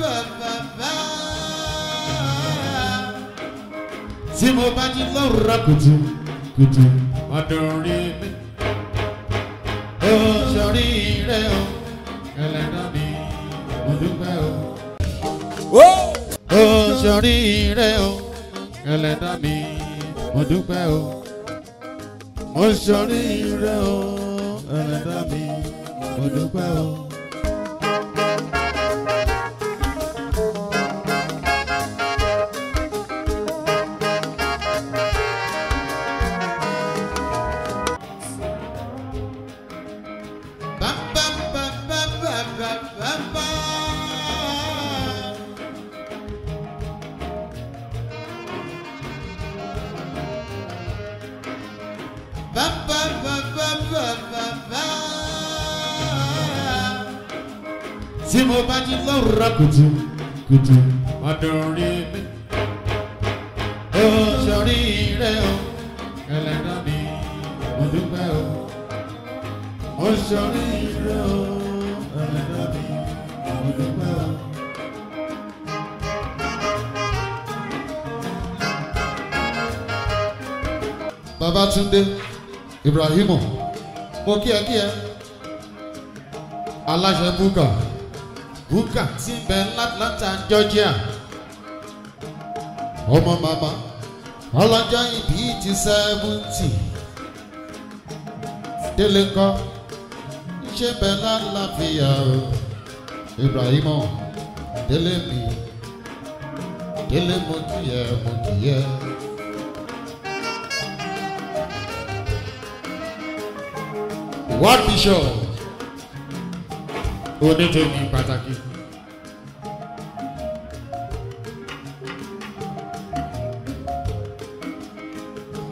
bàbá tí mo bá jí lọ́rùrọ̀ kùtù kùtù ọdún rí mi ó sọrí rẹ o ẹlẹ́dọ́ mi mo dúpẹ́ o. ó sọrí rẹ o ẹlẹ́dọ́ mi mo dúpẹ́ o mo sọrí rẹ o ẹlẹ́dọ́ mi mo dúpẹ́ o. mo bá jí lówùúrọ̀ kùtù kùtù ọdún mi. Ó rẹ̀ o, ẹlẹ́dá mi, mo dúpẹ́ o. Ó rẹ̀ o, ẹlẹ́dá mi, mo dúpẹ́ o. Babátúndé Ibrahimu, mo kí ẹ kí ẹ, aláṣẹ búkà. Bukka tí ń bẹ l'Atlanta Georgia ọmọ bàbá ọlọ́jọ́ ìbí ti sẹ́fúntì délé kọ́ ṣe bẹ lálàáfíà o Ibrahima délé mi délé mo kìyẹ What bishop? onítòmí pàtàkì.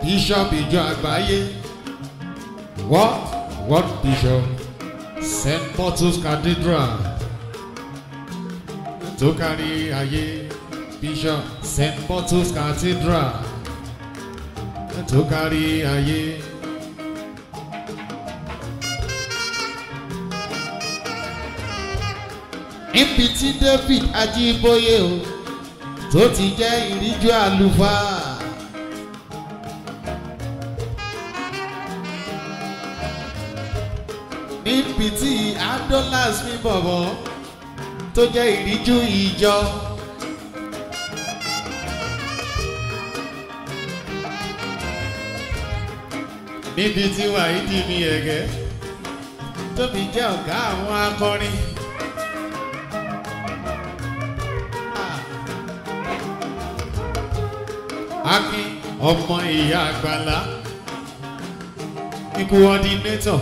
Bishop ìjọ àgbáyé what what bishop St. Portus Cathedral tó kárí ayé bishop St. Portus Cathedral tó kárí ayé. níbi tí David Ajíbóyè o tó ti jẹ́ ìríjú àlùfáà. níbi tí adolas mi bọ̀bọ̀ tó jẹ́ ìríjú ìjọ. níbi tí wàhídì mi ẹ̀gẹ́ tó fi jẹ́ ọ̀gá àwọn akọrin. ọmọ ìyá àgbàlá ní coordinator.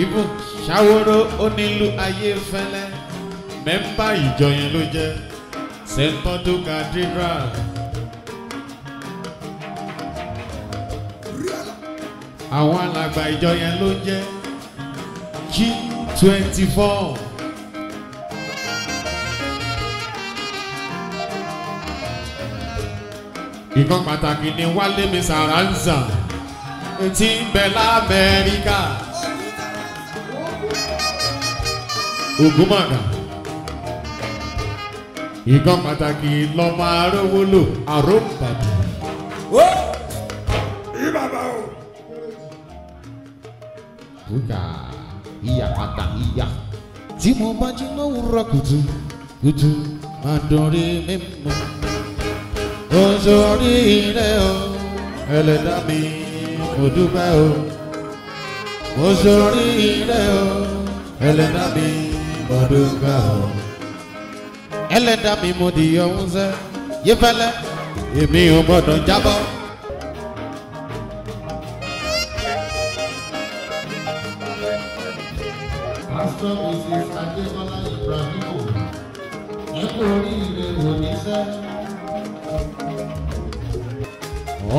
Ibu Ṣaworo onílù Ayéfẹ́lẹ́ mẹ́mbà ìjọ yẹn ló jẹ́ St. Paul Cathedral. Àwọn alàgbà ìjọ yẹn ló jẹ́ G twenty four. ìkan pàtàkì ni Wálé Messaranza tí ń bẹ l'Amẹ́ríkà Ògúnmọ̀gà ìkan pàtàkì lọ́mọ arówólò àròǹbàdàn. ó yí bàbá o. bùkà ìyá padà ìyá tí mo bá jí lówùúrọ̀ kùtù kùtù máa dọ̀rẹ́ mímú oṣù oríire o ẹlẹ́dá mi mo dúpẹ́ o oṣù oríire o ẹlẹ́dá mi mo dúpẹ́ o ẹlẹ́dá mi mo di ọ̀hún sẹ́ yífẹ́lẹ́ èmi ò gbọ́dọ̀ jábọ́.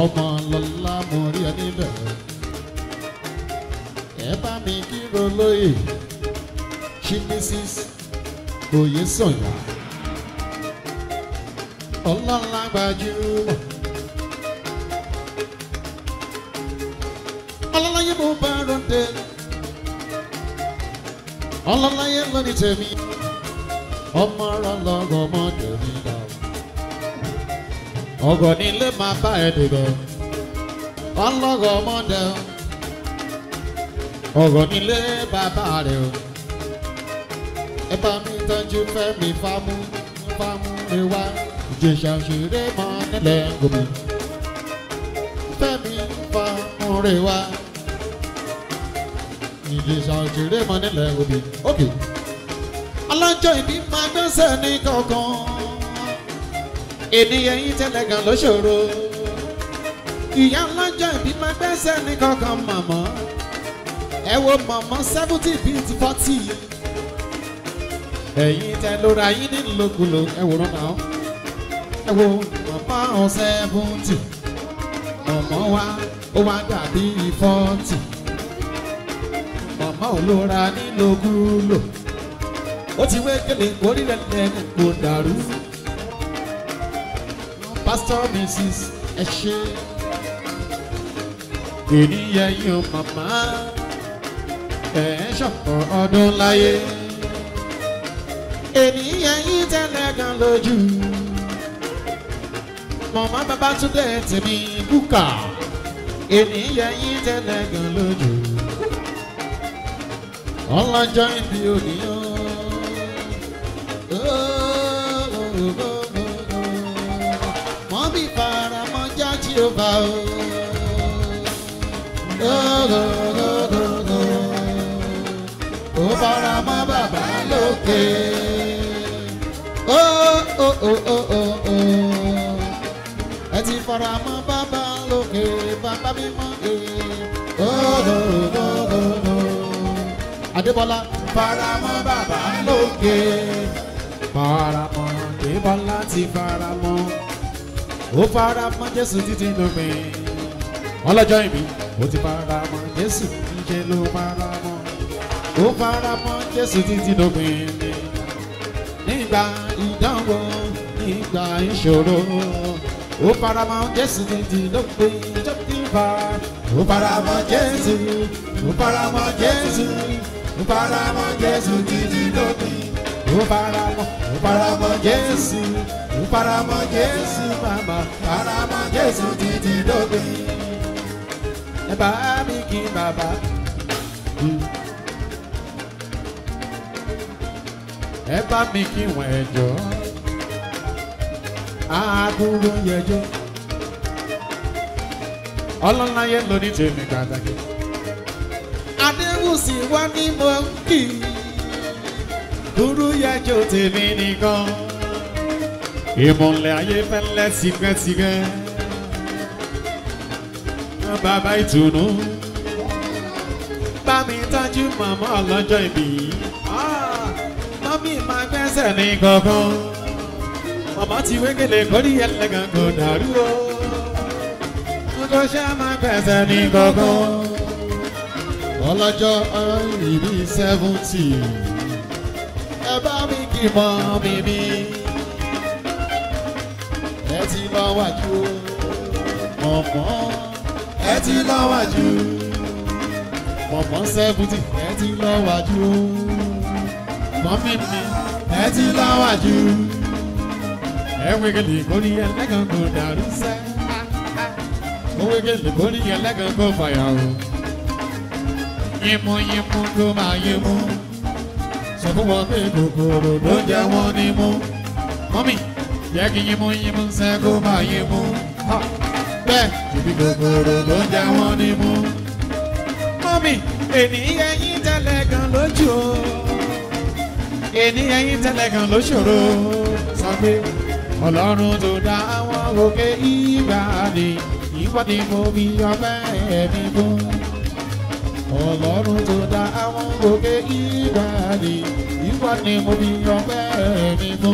ọmọ lọ́lá mo rí ẹ eba mi kíro lóye ṣí mrs oyèsọ̀yà ọlọ́lá gbajúmọ̀ ọlọ́lá yẹn mo bá ròde ọlọ́lá yẹn lónìí ni ọmọ ọ̀rọ̀ lọ́rọ̀ ọmọdé ọgọ nílé máa bá ẹ dìgbò ọlọ́gọ̀ ọmọdé ọgọ nílé bàbá rẹ o ẹ bá mi tọ́jú fẹ́mi fámú fámú mi wá ìjẹsà òṣèré mọ nílẹ̀ gómi mi fámú rẹ wá ìjẹsà òṣèré mọ nílẹ̀ gómi. ok alájọ ìbí máa gbẹ́sẹ̀ ní kankan èdè ẹyin tẹ́lẹ̀ gan ló ṣòro ìyá ọlọ́jọ́ ìbí máa gbẹ́sẹ̀ ní kankan mọ̀mọ́ ẹ wo mọ̀mọ́ seventy bíi forty ẹ̀yin tẹ lóra yín ní lòkulò ẹ wò náà ẹ wo mọ̀mọ́ seventy mọ̀mọ́ wa ó wá dàbí forty mọ̀mọ́ ò lóra ní lòkulò ó ti wé kele kórìíra kò dàrú pastor mrs Eche. ṣe ènìyàn yìí ó màmá ẹ ṣọ̀pọ̀ ọdún láyé ènìyàn yìí tẹ́lẹ̀ gan lójú màmá Babátúndé tèmi búkà ènìyàn yìí tẹ́lẹ̀ gan lójú ọlọ́jọ́ ìbí ònìyàn. lòlòlòlò ó fara mọ́ bàbá lókè ó ó ó ó ó ẹ ti fara mọ́ bàbá lókè bàbá mímọ́ lè lòlòlòlò Adébọ́lá fara mọ́ bàbá lókè fara mọ́ Adébọ́lá ti fara ó fara mọ́ Jésù títí lópin ọlọ́jọ́ ìbí ó ti fara mọ́ Jésù níṣẹ́ ló fara mọ́ ó fara mọ́ Jésù títí lópin nígbà ìdánwò nígbà ìṣòro ó fara mọ́ Jésù títí lópin ìjọ ti fà ó fara mọ́ Jésù ó fara mọ́ Jésù ó fara mọ́ Jésù títí lópin ó fara mọ́ ó fara mọ́ Jésù faramọ́ Jésù màmá faramọ́ Jésù títí dópin ẹ bá mi kí bàbá. ẹ bá mi kí wọn ẹ jọ àbúrò yẹjọ ọlọ́lá yẹn lóní tèmi pàtàkì. adéwùsì wá ní mọ́ńkì dúró yẹjọ tèmi nìkan ìmọ̀lẹ̀ ayé fẹ́lẹ́ sígbẹ́sígbẹ́ bàbá ìtùnú bá mi tọ́jú màmá ọlọ́jọ́ ìbí mọ́mí ah, máa gbẹ́sẹ̀ ní kankan màmá ti wégele kórí ẹlẹ́gàn kò dàrú o kókó ṣá máa gbẹ́sẹ̀ ní kankan ọlọ́jọ́ ìbí seventy ẹ bá mi kí mọ́ mi bí ti lọ wájú mọ̀mọ́ ẹ ti lọ wájú mọ̀mọ́ sẹ́kùtì ẹ ti lọ wájú mọ́mí mi ẹ ti lọ wájú ẹ wégele ìgbóni ẹlẹ́gàn kò dàrú sẹ́ ó wégele ìgbóni ẹlẹ́gàn kò fàyà o yímú yímú ló máa yímú sọ fún wọn pé kòkòrò ló jẹ wọn nímú mọ́mí jẹ́ kí yín mú yín mú sẹ́ kó bá yín mú. bẹ́ẹ̀ ibi kòkòrò ló jẹ wọ́n ní mú. mọ́mì ènìyàn yín tẹ́lẹ̀ gan lójú o ènìyàn yín tẹ́lẹ̀ gan ló ṣòro sọ pé ọlọ́run tó dá àwọn òkè ìgbà ni mo fi ọpẹ́ ẹ̀mí mú. ọlọ́run tó dá àwọn òkè ìgbà ni mo fi ọpẹ́ ẹ̀mí mú.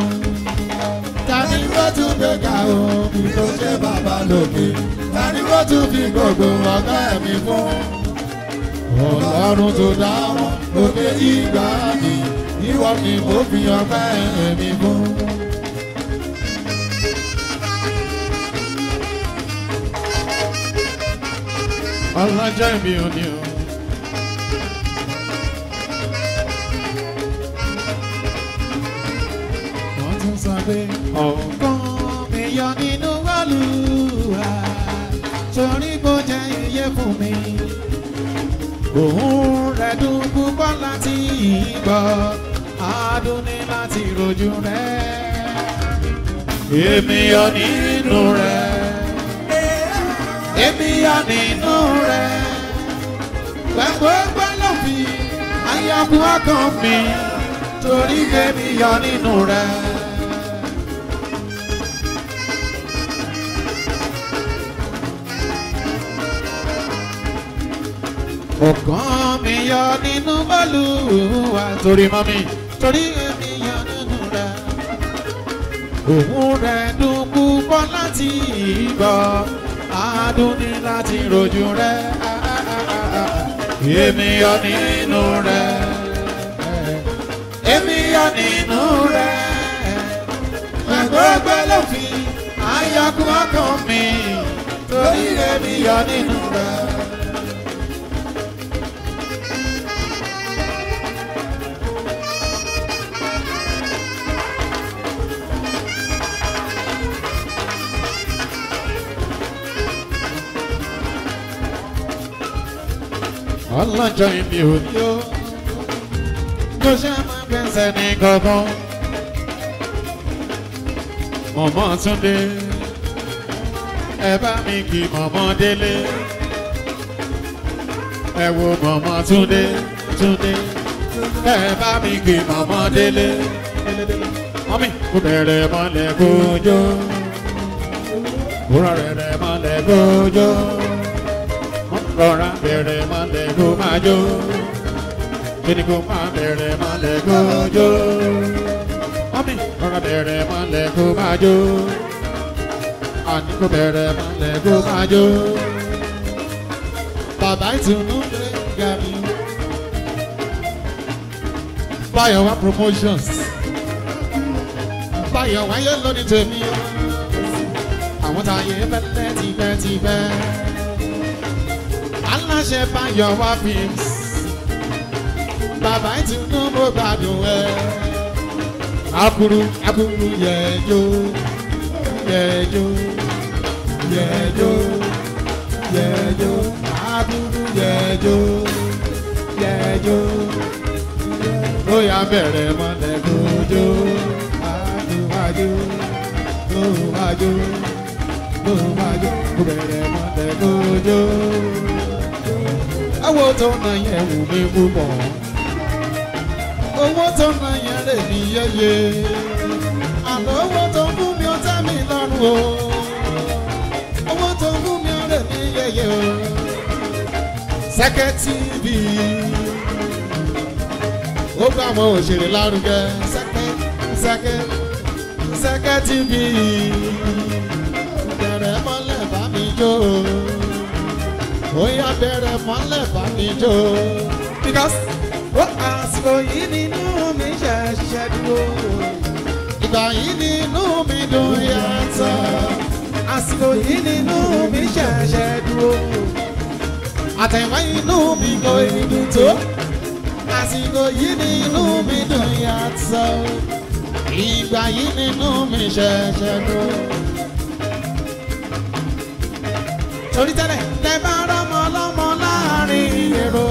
Tani wọ́n tún gbé ga o, kí ló ṣe bàbá lókè? Tani wọ́n tún fi gbogbo ọ̀gá ẹ̀mí fún? Ọlọ́run tó dá wọn lókè ìgbà ni, ìwọ ni mo fi ọ̀gá ẹ̀mí fún. Ọlọ́jọ́ ìbí òní o. pé ọ̀kan mi yọ nínú Olúwa torí bó jẹ́ iye fún mi. Òun rẹ̀ dùn púpọ̀ láti gbọ́, adùn ni láti rojú rẹ̀. Èmi yọ nínú rẹ̀, èmi yọ nínú rẹ̀, pẹ̀pẹ́ pẹ́lú fi, àyàkú ọkàn mi, torí èmi yọ nínú rẹ̀. ọ̀kan mi yọ nínú Olúwa torí mọ́ mi torí mi yọ nínú rẹ̀ òun rẹ̀ dùn púpọ̀ láti gbọ́ adùn ní láti rojú rẹ̀ èmi yọ nínú rẹ̀ èmi yọ nínú rẹ̀ gbogbo ló fi ayọ̀kú ọkàn mi torí èmi yọ nínú rẹ̀. lọ́jọ́ ìbí òní ó tó ṣe máa fẹsẹ̀ ní gọ́gán. Mọ̀mọ́ Túndé ẹ bá mi kí mọ̀mọ́ délé ẹ wo mọ̀mọ́ Túndé Túndé ẹ bá mi kí mọ̀mọ́ délé mọ́mí kò bẹ̀rẹ̀ mọ́lẹ̀ kójó kúrọ̀ rẹ̀ rẹ̀ mọ́lẹ̀ kójó rọra bere máa lẹ̀ kó máa jó kíni kó máa bẹ̀rẹ̀ máa lẹ̀ kó jó mọ́mí rọra bẹ̀rẹ̀ máa lẹ̀ kó máa jó àní kó bẹ̀rẹ̀ máa lẹ̀ promotions Báyọ̀wá yẹn lónìí tèmi àwọn tá a yẹ fẹ́ tẹ́ ti fẹ́ ti fẹ́ ṣe bá yọ wá fi bàbá Tinubu gbádùn ẹ akuru akuru yẹjọ yẹjọ yẹjọ yẹjọ akuru yẹjọ yẹjọ ó yá bẹ̀rẹ̀ mọ́lẹ̀ lójó àdúwájú lóhùn wájú lóhùn wájú ó bẹ̀rẹ̀ mọ́lẹ̀ lójó owó to na yẹn wù mí púpọ̀ owó to na yẹn lè mí ye àlọ́ owó tó fún mi ó tẹ́ mi lọ́rùn o owó tó fún mi ó lè mí yẹyẹ o Seke TV ó gbà àwọn òṣèré lárugẹ Seke Seke Seke TV bẹ̀rẹ̀ mọ́lẹ̀ bá mi jó ó yá bẹ̀rẹ̀ mọ́lẹ̀ bá mi because ó àsìkò yìí nínú mi ṣẹ̀ṣẹ̀ dúró. ìgbà yìí nínú mi dùn yàtọ̀. àsìkò yìí nínú mi ṣẹ̀ṣẹ̀ dúró. àtẹ̀wá inú mi kò ìdùn tó. àsìkò yìí nínú mi dùn yàtọ̀. ìgbà yìí nínú mi ṣẹ̀ṣẹ̀ dúró. torí tẹ́lẹ̀ tẹ́ bá ro.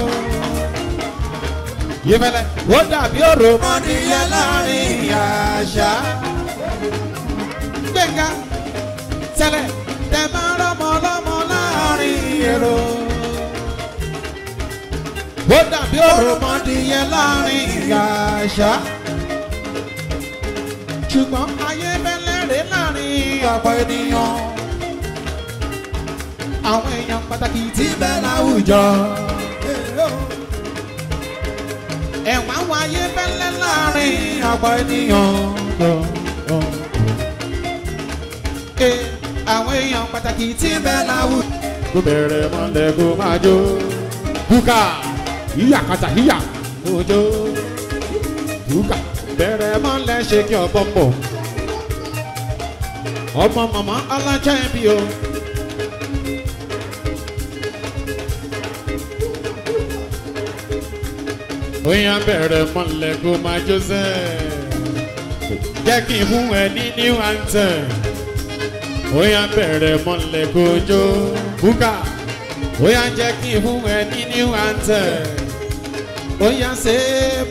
Yemẹlẹ. Ó dàbí òrò. Mọ́niyẹ láàrin àṣà. Gbẹ̀ngà tẹ́lẹ̀ tẹ máa rọ́mọ lọ́mọ láàrin èrò. Ó dàbí òrò. Mọ́niyẹ láàrin àṣà. Ṣùgbọ́n ayé bẹ́lẹ̀ rè láàrin ọ̀pọ̀ ènìyàn àwọn èèyàn pàtàkì tí bẹ́ẹ̀ láwùjọ ẹ̀wá wáyé bẹ́lẹ́ láàrin àwa ènìyàn lọ. ẹ àwọn èèyàn pàtàkì tí bẹ́ẹ̀ láwù. kó bẹ̀rẹ̀ mọ́lẹ̀ kó máa jó. búkà yíyà kàtà yíyà òjò. búkà bẹ̀rẹ̀ mọ́lẹ̀ ṣe kí ọ̀pọ̀ pọ̀. ọmọ màmá alájà ẹbí o. Oya bẹ̀rẹ̀ mọ́lẹ̀ kó máa jó sẹ́. jẹ́ kí n fún ní new anthem. bóyá bẹ̀rẹ̀ mọ́lẹ̀ kó jó búkà. oya jẹ́ kí n fún ní new anthem. bóyá ṣe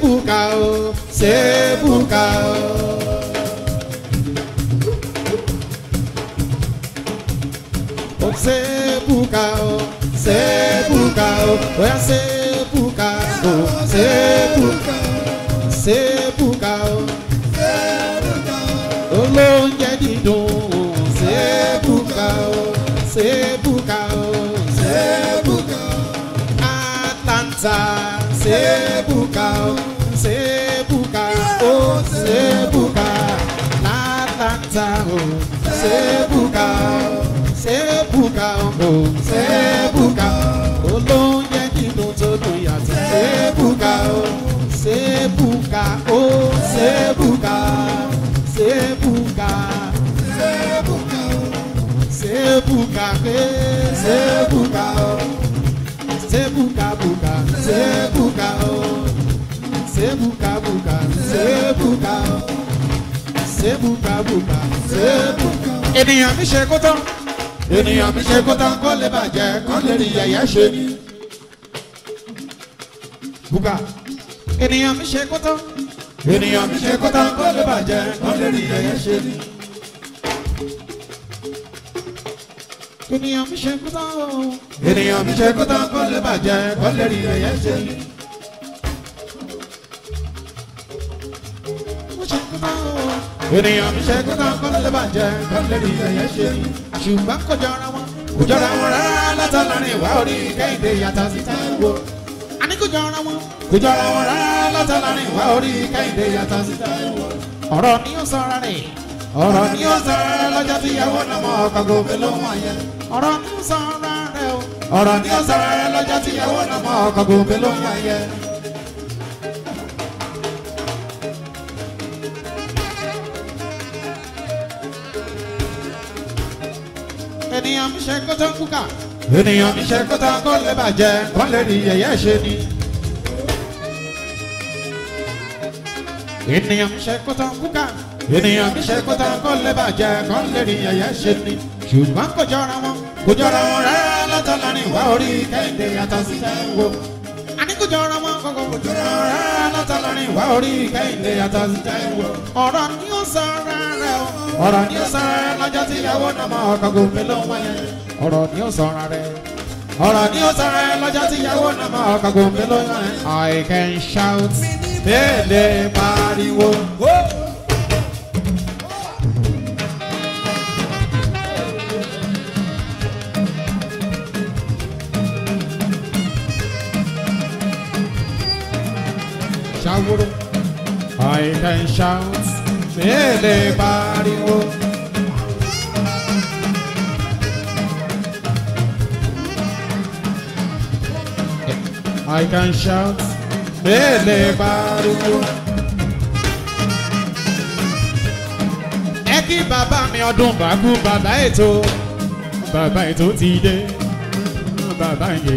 búkà o ṣe búkà o. ṣe búkà o ṣe búkà o bóyá ṣe. o. Ṣébùkà o. Ṣébùkà o. Ṣébùkà o. Olóúnjẹ dídùn o. Ṣébùkà o. Ṣébùkà o. Ṣébùkà o. Atlanta. Ṣébùkà o. Ṣébùkà o. Ṣébùkà. L'Atlanta o. Ṣébùkà o. Ṣébùkà o. Ṣébùkà o. Sebuka o, oh, Sebuka o, oh, Sebuka, Sebuka, Sebuka o, Sebuka re, Sebuka o, Sebuka buka, Sebuka o, Sebuka buka, Sebuka o, Sebuka buka, Sebuka. Ènìyàn mi ṣe kó tán. Ènìyàn mi ṣe kó tán kó lè bàjẹ́ kó lè rí yẹ̀yẹ́ ṣe ni bùbá ènìyàn mi ṣe kótó ènìyàn mi ṣe kótó kó ló bàjẹ́ kó lè rí ẹyẹ ṣe ni. ènìyàn mi ṣe kótó ènìyàn mi ṣe kótó kó ló bàjẹ́ kó lè rí ẹyẹ ṣe ni. ènìyàn mi ṣe kótó kó ló bàjẹ́ kó lè rí ẹyẹ ṣe ni. ṣùgbọ́n kò jọra wọn kò jọra wọn rárá látàlárin ìwà orí kẹ́hìndé yàtọ̀ sí táwọn jọra wọn kò jọra wọn rárá látàlárin wá orí kẹ́hìndé yàtọ̀ síta ẹ̀wọ̀ ọ̀rọ̀ ni ó sọra rẹ̀ ọ̀rọ̀ ni ó sọra lọ́jọ́ tí ìyàwó nàmọ́ ènìyàn mi ṣe kótó kúkà ènìyàn mi ṣe kótó kó lè bàjẹ́ kó lè rí yẹ̀yẹ́ ṣe ni. ènìyàn ń ṣe kótó ń kúkà ènìyàn ń ṣe kótó ń kó lè bàjẹ́ kó lè rí ẹ̀yẹ́ ṣe ni ṣùgbọ́n kò jọra wọn kò jọra wọn rárá lọ́tọ̀ láàrin ìwà orí kẹ́hìndé yàtọ̀ sí jẹ́wọ́ àní jọra wọn kò kò jọra wọn rárá lọ́tọ̀ láàrin ìwà orí kẹ́hìndé yàtọ̀ sí jẹ́wọ́ ọ̀rọ̀ ni ó sọ rárá o ọ̀rọ̀ ni ó sọ rárá lọ́jọ́ tí ìyàwó náà mọ ọkọ̀ gòkè ló wáyé ọ̀rọ̀ ni ó sọ rárá ọ̀rọ̀ ni ó sọ rárá lọ́jọ́ tí ìyàwó náà mọ ọkọ̀ gòkè ló wáyé I can shout tẹ́lẹ̀ pariwo. Ṣàwòrò. I can shout tẹ́lẹ̀ pariwo. I can shout ele pariwo. ẹ kí bàbá mi ọdún bàbú bàbá ètò bàbá ètò ti dé baba. yẹ.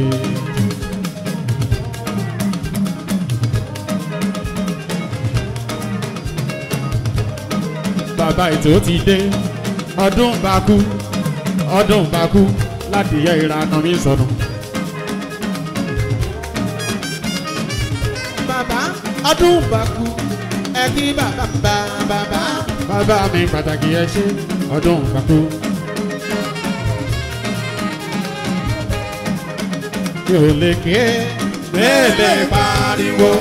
bàbá ètò ti dé ọdún bàkú ọdún bàkú láti yẹ ìranà mi sọnù. ọdún bá kú ẹ kí bàbá bàbá. bàbá mi pàtàkì ẹ ṣe ọdún bá kú. mi ò lè kí ẹ pariwo.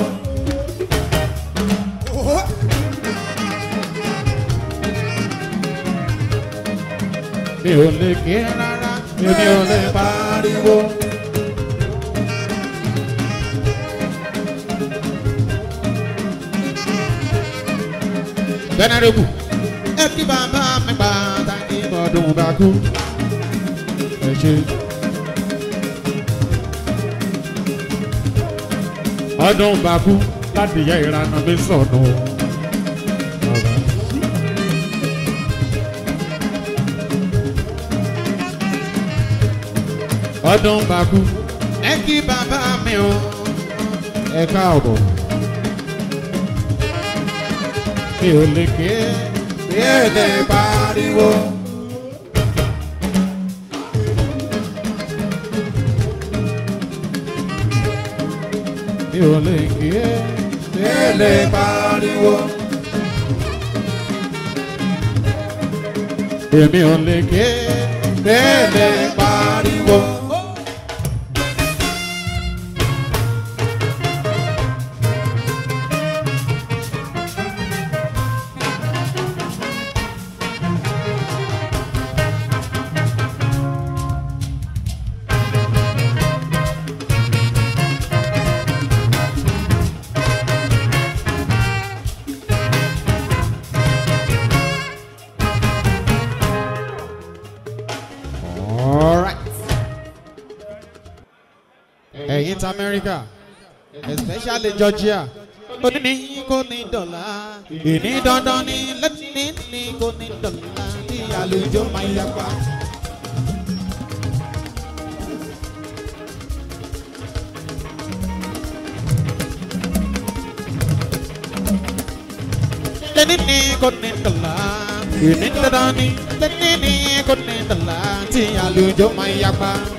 mi ò lè kí rárá mi ò lè pariwo. venerable ẹbí bàbá mẹ́gbà tani mọ̀ọ́dún bá kú ẹ ṣe. ọdún bá kú láti yẹ ìranà mi sọ̀nù. ọdún bá kú ẹ kí mi o ẹ káàbọ̀. mi ò lè gbé bí ẹ̀dẹ̀ pariwo. mi ò lè gbé bí ẹ̀dẹ̀ pariwo. èmi ò lè gbé Georgia oníní kò dọ̀là ìní dandan ni lẹ́tìní dọ̀là ní àlùjọ máa ń yapa. dọ̀là ìní dandan ni lẹ́tìní dọ̀là ní àlùjọ máa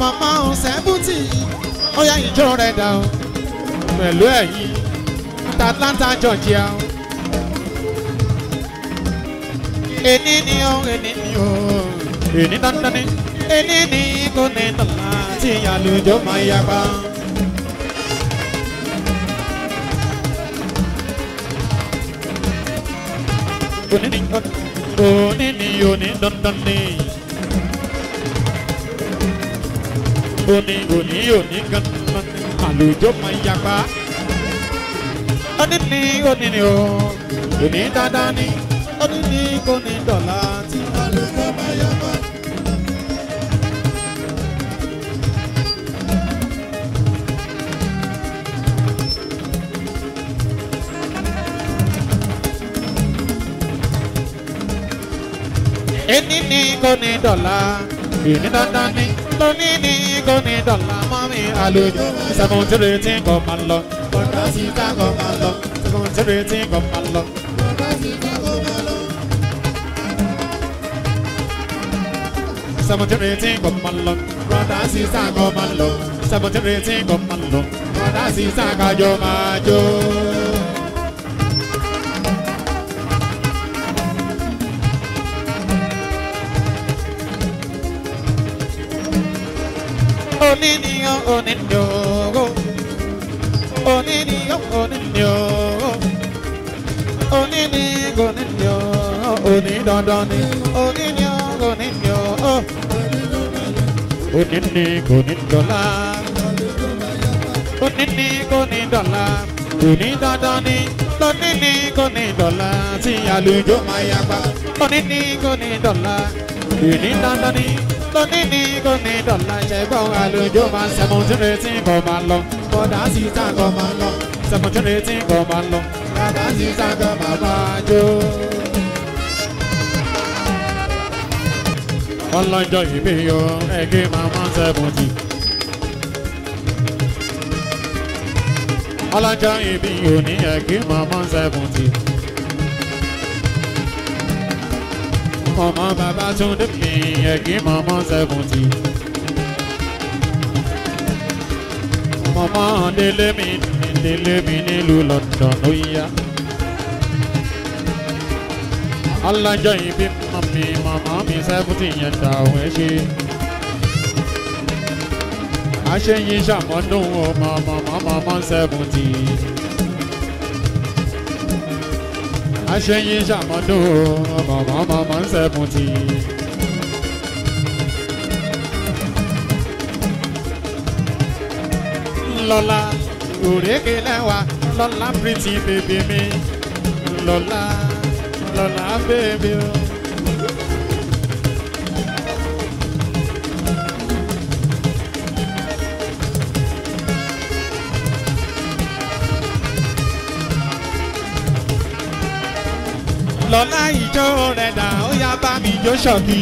màmá o sẹ́bùtì ó yá ìjọ rẹ̀ dà o pẹ̀lú ẹ̀yìn ta Atlanta Georgia o. èní ni o oh, èní ni o oh. èní dandan ni èní ni kò ní tọ́lá tí àlùjọ máa yapa. Oni ni oni ni oni dandan ni. níbo ni òní òní gan àlùjọ máa yapa. Ọdún ní òní ni o, òní dáadáa ní, ọdún ní kò ní dọ̀la tí àlùjọ máa yapa. Ẹni ní kò ní dọ̀la, òní dáadáa ní. lọ ní ní gọ́ni dọ̀là mọ́ mi àlejò sẹ́gun tèrè tí kò má lọ. ọ̀dọ́ sì ká kò má lọ. sẹ́gun tèrè tí kò má lọ. ọ̀dọ́ sì ká kò má lọ. sẹ́gun tèrè tí kò má lọ. ọ̀dọ́ sì yo onin yo onin yo onin yo onin yo onin yo onin don don onin yo onin yo onin ni onin dola onin ni onin dola onin don don onin ni onin dola si alujo maya pa onin ni onin dola onin don don lóní ní kò ní dọ̀là ṣẹ̀gbọ́n àlùjọ máa seventeen eighteen kò máa lọ bọ́dà sísá kò máa lọ seventeen eighteen kò máa lọ bàbá sísá kò máa máa jó. ọlọ́jọ́ ìbí yọ ẹgbẹ́ màmá sẹ́mùtì. ọlọ́jọ́ ìbí yọ ní ẹgbẹ́ màmá sẹ́mùtì. mọ̀mọ́ Babátúndé mi ẹ̀gí mọ̀mọ́ sẹ́fùntì. mọ̀mọ́ délé mi délé mi nílùú London ó yá. alájọ Mama mọ̀ mi mọ̀mọ́ mi sẹ́fùntì yẹn dà òun ẹ̀ ṣe. ṣàmọ́dún ọmọ mọ̀mọ́ mọ̀mọ́ sẹ́fùntì. aṣẹ́yìn ṣàmọ́dún ọmọ ọmọ ọmọ ń sẹ́fún ti. lọ́la pretty baby me，lọ́la lọ́la baby o. lọ́lá ìjó rẹ̀ dà ó yá bá mi jó ṣọ̀kì.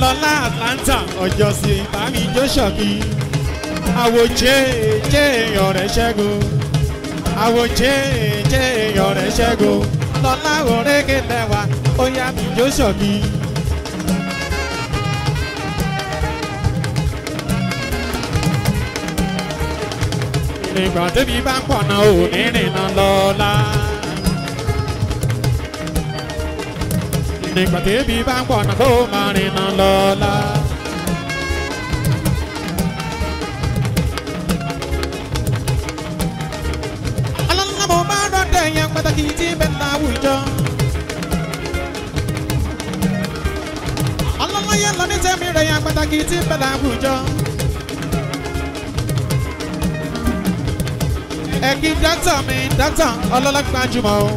lọ́lá Atlanta ọjọ́ sí bá mi jó ṣọ̀kì. àwòjé jẹ́ èèyàn rẹ̀ ṣẹ́gun. àwòjé jẹ́ èèyàn rẹ̀ ṣẹ́gun. lọ́lá òrékè tẹ̀wá ó yá mi jó ṣọ̀kì. ìgbà tẹ́bi bá ń pọ̀nà ò ní rìnnà lọ́la. ìgbà tẹ́bi bá ń pọ̀nà kó máa rìnnà lọ́la. alálàbò bá dọ̀dẹ̀ yẹn pàtàkì tí bẹ́ẹ̀ láwùjọ. Allah, lọ ní tẹ́mi rẹ̀ yẹn pàtàkì tí bẹ́ẹ̀ láwùjọ. ẹ̀kí dátà mi dátà ọlọ́lágbájúmọ́ o.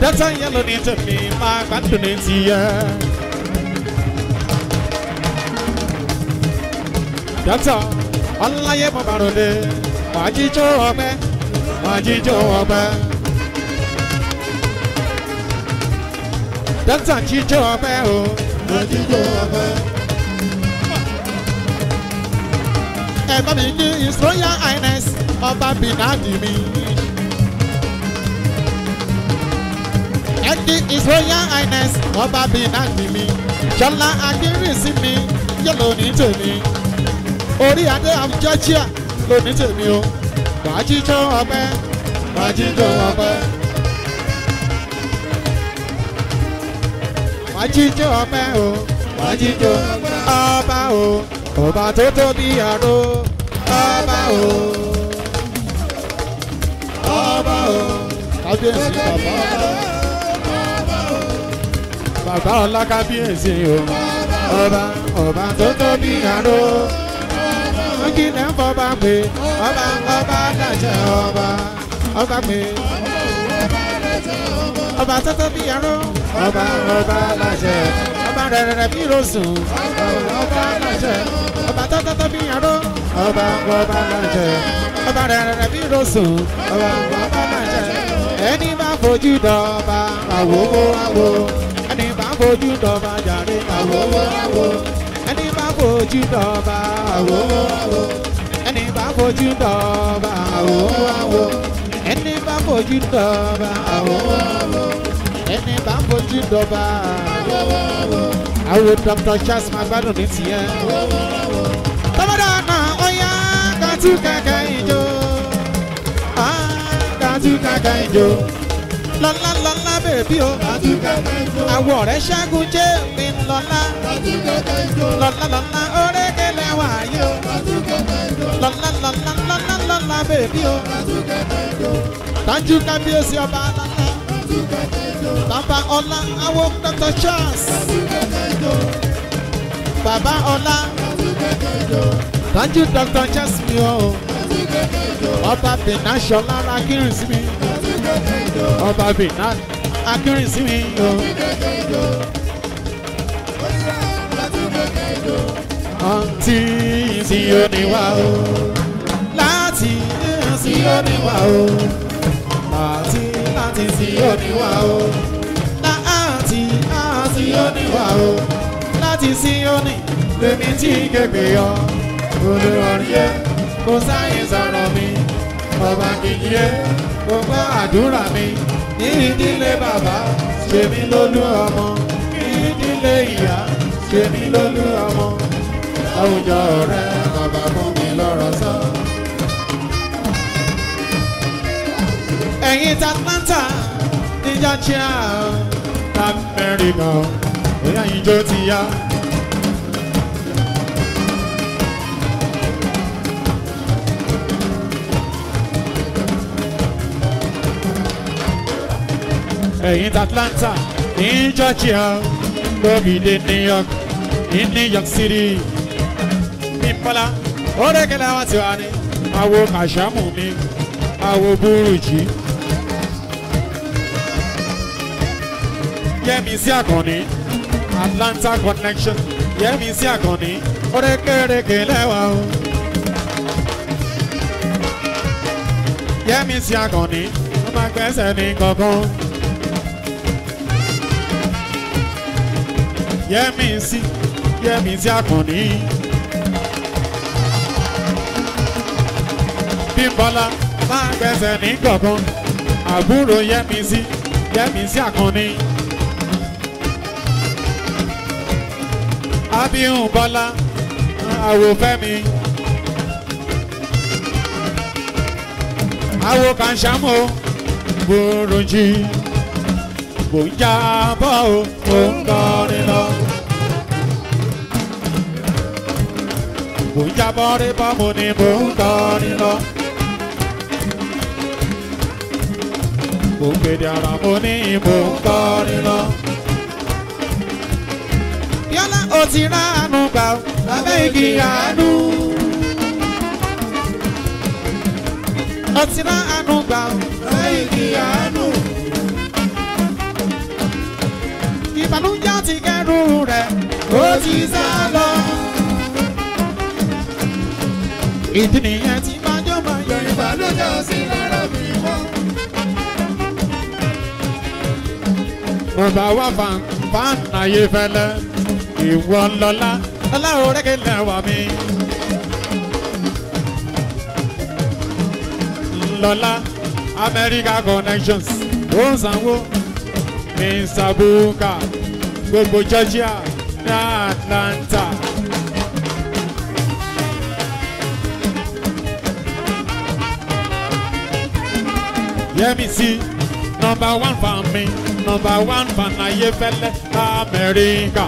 dátà yẹn ló ní tèmi máa gbádùn ní tiyẹ. dátà ọláyé mo bá rọlé màá jíjó ọgbẹ́ màá jíjó ọgbẹ́. dátà jíjó ọgbẹ́ o màá jíjó ọgbẹ́. ẹ bá mi kí his royal highness ọba Bernard mi. ẹ kí his royal highness ọba Bernard mi. Ṣọlá Adérísí mi yẹ̀lò ní tèmi. orí adé of Georgia ló tèmi o. wàá jíjọ́ ọpẹ́ wàá jíjọ́ ọpẹ́. wàá jíjọ́ ọpẹ́ o wàá jíjọ́ ọpẹ́ ọba o ọba tó tóbi àrò ọba o ọba o kábíyèsí bàbá ọba o bàbá ọlá kábíyèsí o ọba ọba tó tóbi àrò kí lè ń fọba pé ọba ọba dàjẹ ọba ọba pé ọba tó tóbi àrò ọba ọba dàjẹ ọba rẹ̀ rẹ̀ bí rosùn ọba ọba dàjẹ ọba tó tóbi àrò ọba ọba máa jẹ ọba rẹ̀rẹ̀ bí rọ̀sùn ọba ọba máa jẹ ẹni bá fojú dọba àwòwò àwò ẹni bá fojú dọba jàre àwòwò àwò ẹni bá fojú dọba àwòwò àwò ẹni bá fojú dọba àwòwò àwò ẹni bá fojú dọba àwòwò àwò ẹni bá fojú dọba àwòwò àwò àwọn Dr. Charles Magbadun ní tiẹ̀. Tatu kaka ijo Ah tatu kaka la la la bèbí o Tatu kaka ijo Àwọ̀ rẹ̀ ṣẹ́gun jẹ́ la, lọ́lá Tatu la ijo Lọ́lá lọ́lá orékelẹ̀ wáyé o Tatu kaka ijo la la la la bèbí o Tatu kaka ijo Taju kábíyèsí ọba lọ́lá Tatu kaka ijo Bàbá ọlá awo Dr. Charles Tatu kaka ijo Bàbá ọlá Tatu thank you dr chesmi o ọba bìnná ṣọlá akínrin sí mi ọba bìnná akínrin sí mi o. àǹtí sí oníwà o láti sí oníwà o láti láti sí oníwà o láti láti sí oníwà o láti sí oní lèmi tí kẹgbẹ́ yọ olú oríyé kò sáyé sọ̀rọ̀ mi ọba kìkìyé e, kò gbọ́ àdúrà mi ní ìdílé bàbá ṣèmi lólú ọmọ ní ìdílé ìyá ṣèmi lólú ọmọ àwùjọ ọ̀rẹ́ bàbá fún mi lọ́rọ̀ sọ. ẹ̀yin tatlanta ní jọ́chíà Amẹ́ríkà ẹ̀yà ìjọ ti yá. In Atlanta in Georgia lórílẹ̀ New York in New York City pípọ́lá orékèlè àwọn tiwa ni àwo kàṣámù mi àwo búrújì Yẹ́misí Àkànní Atlanta connection Yẹ́misí Àkànní orékèrékèlè wa o. Yẹ́misí Àkànní ọmọ akẹ́sẹ̀ ní kankan. Yẹ́misí si, Àkànní. Bímbọ́lá máa gbẹ̀sẹ̀ ní gbọ̀ngàn àbúrò Yẹ́misí Yẹ́misí Àkànní. Abíhùn Bọ́lá àwòfẹ́mi. Àwo kàńṣámò gbòòrò jì. Bò ń jà bọ́ ò ń kọrin lọ. mò ń jábọ́ rí bọ́ mo ni mò ń kọrin lọ. mo gbèdé ara mo ní mò ń kọrin na yọ́lá o ti ránú gbà lábẹ́ igi àánú. o ti ránú gbà lábẹ́ igi ti kẹ́rù rẹ̀ ó ti ìdí nìyẹn tí máa jó máa yọ ìbàlódé sí lára mi wọ́n. bàbá wa fan fan ayé fẹlẹ ìwọ lọlá ọlọ́run rẹ́gẹ́ lẹ́wà mi. lọlá America connections ó ń sanwó mr buka gbogbo Georgia ní Atlanta. Yẹ́misí number one for me, number one fan Ayéfẹ́lẹ́ Amẹ́ríkà.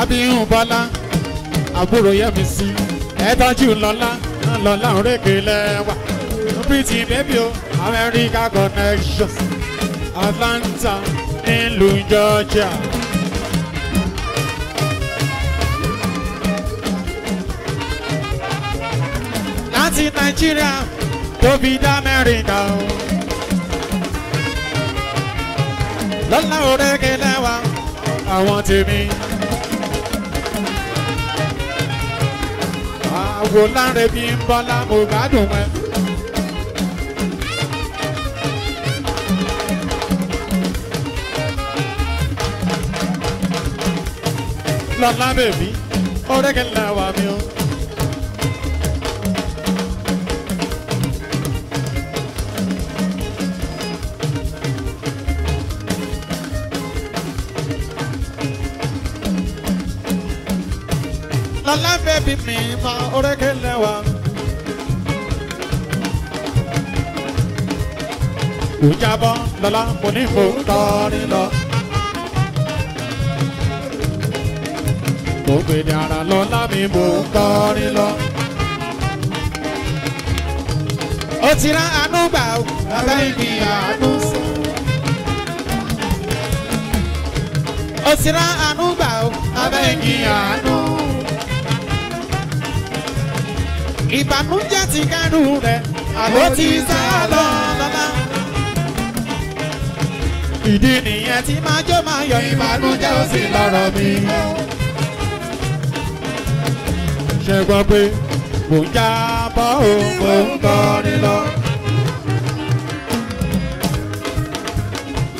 Abíyún Bọ́lá àbúrò Yẹ́misí ẹ tọ́jú lọ́lá lọ́lá òrékè lẹ́wà. Pretty baby o America connections Atlanta nílùú Georgia. sí nàìjíríà tó fi dá mẹ́rin dà o. lọ́lá òrèké lẹ́wà àwọn tèmi. àwò láre bí ń bọ́lá mo gbádùn ẹ. lọ́lá bèbí òrèké lẹ́wà mi o. ọlábẹ́bí mi ma orékè lẹ́wà. ìjábọ̀ lọ́la mo ní mò ń tọ́ni lọ. mo gbèdé ara lọ́la mi mò ń tọ́ni lọ. ó ti rán àánú gbà ó bàbá ìbí àánú sí. ó ti rán àánú gbà ó bàbá ìbí àánú sí. ìbànújẹ́ ti kẹ́nu rẹ̀ àbó ti sá lọ lọ́la. ìdí nìyẹn tí máa jó máa yọ ìbànújẹ́ ó sì lọ́rọ̀ mi. ṣe gbọ́ pé mò ń jábọ́ òun mò ń kọrin lọ.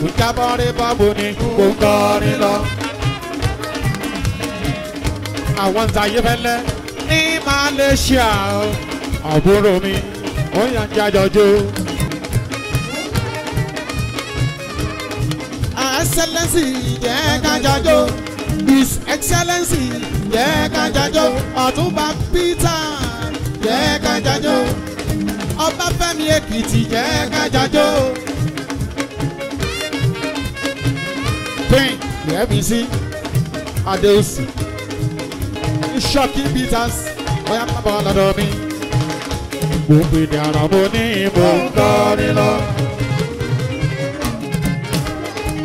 mò ń jábọ́ rí bọ́ọ̀bù ni mò ń kọrin lọ. àwọn ń ta ayé fẹ́lẹ́ ní Malaysia àbúrò mi ó yàn jájọjọ. Excellency jẹ́ kájọjọ His Excellency jẹ́ kájọjọ Ọ̀túnba Peter jẹ́ kájọjọ Ọbáfẹ́mi Èkìtì jẹ́ kájọjọ. Queen Yẹ́misí Adéòsì Shocking Peters bóyá má bọ́ lọ́dọ̀ mi. Mo pèdè àrà mo ní ìbò ń kọ́ni lọ.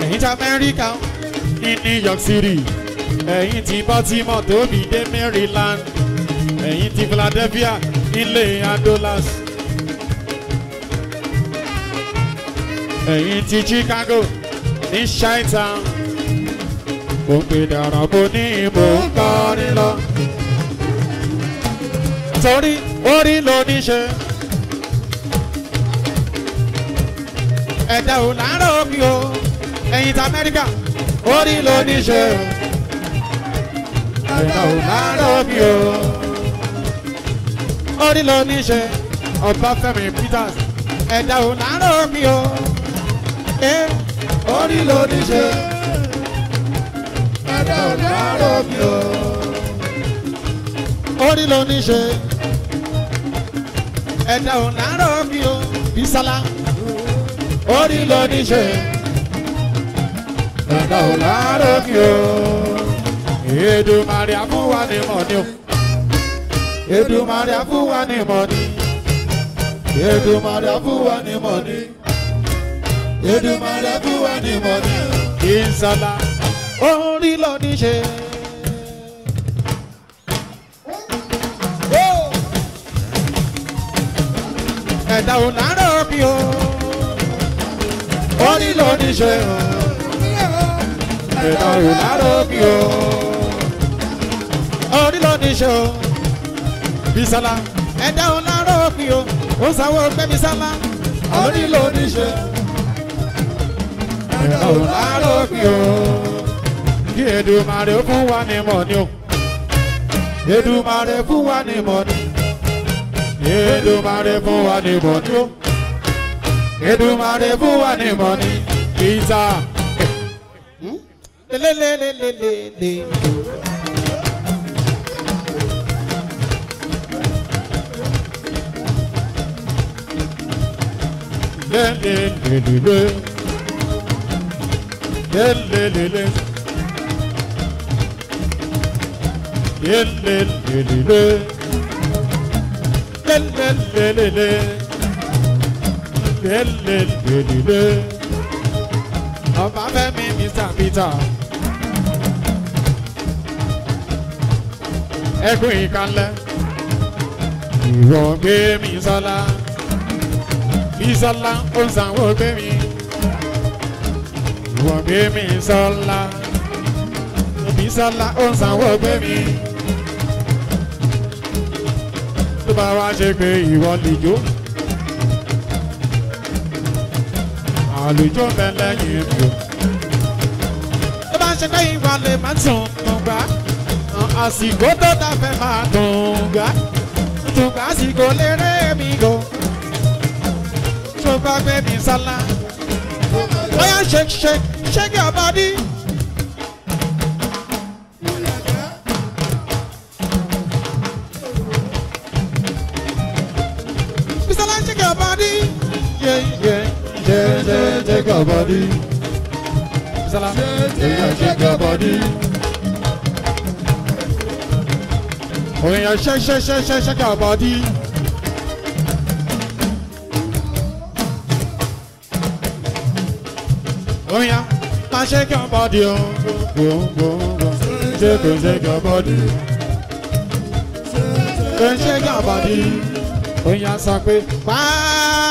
Ẹ̀yin ti Amẹ́ríkà ní New York City. Ẹ̀yin ti Baltimore tó fi dé Maryland. Ẹ̀yin ti Philadelphia ilé Adolas. Ẹ̀yin ti Chicago in Chi-Town. Mo pèdè àrà mo ní ìbò ń kọ́ni lọ. Ori, orí ló ní ṣe. ẹ̀dá ò láàárọ̀ òkè o ẹ̀yìn tí amẹ́ríkà orí ló ní ṣe. ẹ̀dá ò láàárọ̀ òkè o orí ló ní ṣe. Ọbáfẹ́mi Peters ẹ̀dá ò láàárọ̀ òkè o orí ló ní ṣe. ẹ̀dá ò láàárọ̀ òkè o orí ló ní ṣe ẹ̀dá ò náró mi o Bísálá orí ló ní ṣe ẹ̀dá ò náró mi o Èdùmàrè àfúnwá ni mọ̀ ni o Èdùmàrè àfúnwá ni mọ̀ ni Èdùmàrè àfúnwá ni mọ̀ ni Èdùmàrè àfúnwá ni mọ̀ ni Bísálá orí ló ní ṣe. ẹ̀dá ò náró mi o ó nílò oníṣẹ́ o ẹ̀dá ò náró mi o ó nílò oníṣẹ́ o bisala ẹ̀dá ò náró mi o ó sanwó gbẹ́mi sálá ó nílò oníṣẹ́ ẹ̀dá ò náró mi o kí Èdùmàrè fún wa ní mọ̀ ni o Èdùmàrè fún wa ní mọ̀ ni. Èdùmàrè fún wa ní bọ̀dú. Èdùmàrè fún wa ní bọ̀dí. Ìta. Lélelélelélele lẹ́lẹ́lẹ́lẹ́lẹ́ ọba fẹ́mi mr peter ẹkùn ìkànlẹ̀ ìwọ gbé mi sọlá ìsọlá ó ń sanwó gbé mi ìwọ gbé mi sọlá ìsọlá ó ń sanwó gbé mi tó bá wá ṣe pé ìwọ lìjó. àlùjọ bẹ lẹ́yìn mi o. tó bá ṣe pé ìwà lè má tàn tàngbà. àsìkò tó ta fẹ́ máa tàngbà. tàngbà àsìkò go rẹ́ mi lọ. tó bá gbé mi sálá. bóyá ṣe shake ṣe kí ọba dín. yeah, yeah, yeah, yeah, take a body. Salam. Yeah, take a body. Oh yeah, shake, shake, shake, shake, shake a body. Oh yeah, now shake your body, oh, oh, oh, oh, shake, shake your body, shake your body. Oh yeah, shake it, bye.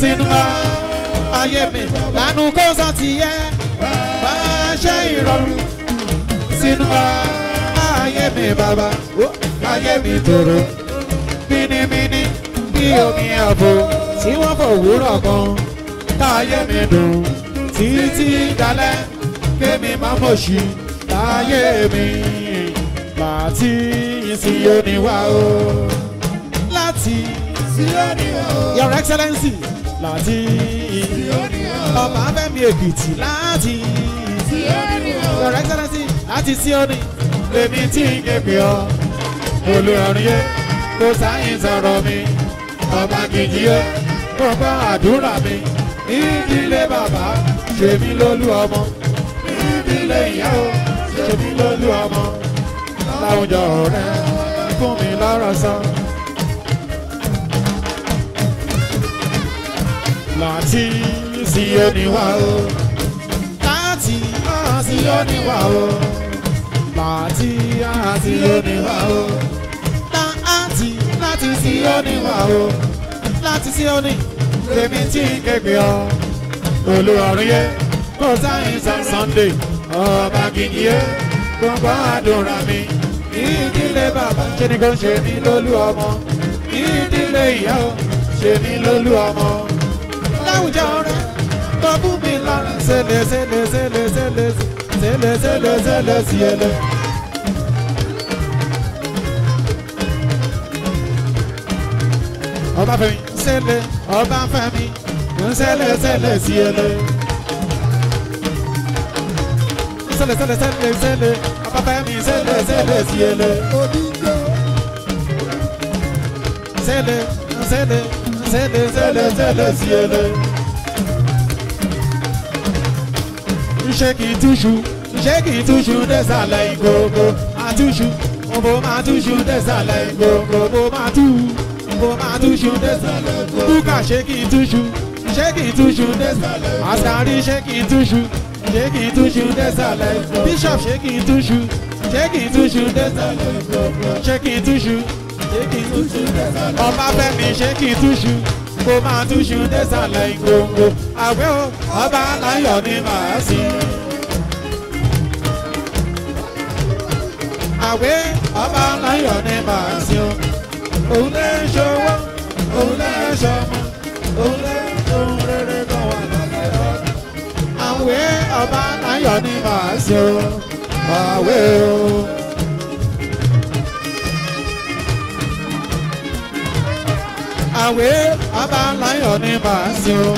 sinimá ayé mi lánú kó sọ ti yẹ bá ṣe ìrọ̀rùn sinimá ayé mi bàbá ayé mi tòrò mímímí bí omi àbò tí wọ́n fòwúrọ̀ kan táyé mi dùn títí dalẹ́ kémi má mọ̀ṣí táyé mi láti ìsinyìí oníwà o láti. Your Excellency láti ọba Fẹ́mi Èkìtì láti Your Excellency láti Síónì èmi tí ń gbèpè ọ olùrànrin yẹ kò sáyìn sọ̀rọ̀ mi ọba kejì yẹ kò bá àdúrà mi ìdílé bàbá ṣèmi lólú ọmọ ìdílé ìyá o ṣèmi lólú ọmọ láwùjọ rẹ fún mi lọ́rọ̀ sọ. láti sí oníwà o láti á sí oníwà o láti á sí oníwà o láti láti sí oníwà o láti sí oní lèmi tí ń képe ọ olùwàrún yẹ kó sáyẹn sá Sunday ọba kìkì yẹ gbọ̀ngbọ̀n àdúrà mi ìdílé bàbá ṣe ni kò ṣe mí lólú ọmọ ìdílé ìyá ò ṣe mí lólú ọmọ. ujaona kabumila sele sele sele sele sele sele siele. Shake it tushu, shake it tushu désàlẹ̀ ìgbòho àtúṣu. Mo máa túṣu désàlẹ̀ ìgbòho mo máa tú. Mo máa túṣu désàlẹ̀ ìgbòho. Búkà shake it tushu, shake it tushu désàlẹ̀ ìgbòho. Àsàrí shake it tushu, shake it tushu désàlẹ̀ ìgbòho. Bishop shake it tushu, shake it tushu désàlẹ̀ ìgbòho. Shake it tushu ṣé kí n túṣu désàlẹ̀. ọba fẹ́mi ṣé kí n túṣu kó máa túṣu désàlẹ̀ ìgbòǹgbò àwẹ̀ ọba aláyọ̀ ni màá sí. àwẹ̀ ọba aláyọ̀ ni màá sí o òun lè ṣòwò òun lè ṣọmọ òun lè ohun rere kan wà lálẹ́ rọ. àwẹ̀ ọba aláyọ̀ ni màá sí o àwẹ̀ o. àwé bàbá láyọ̀ ní bàásì o.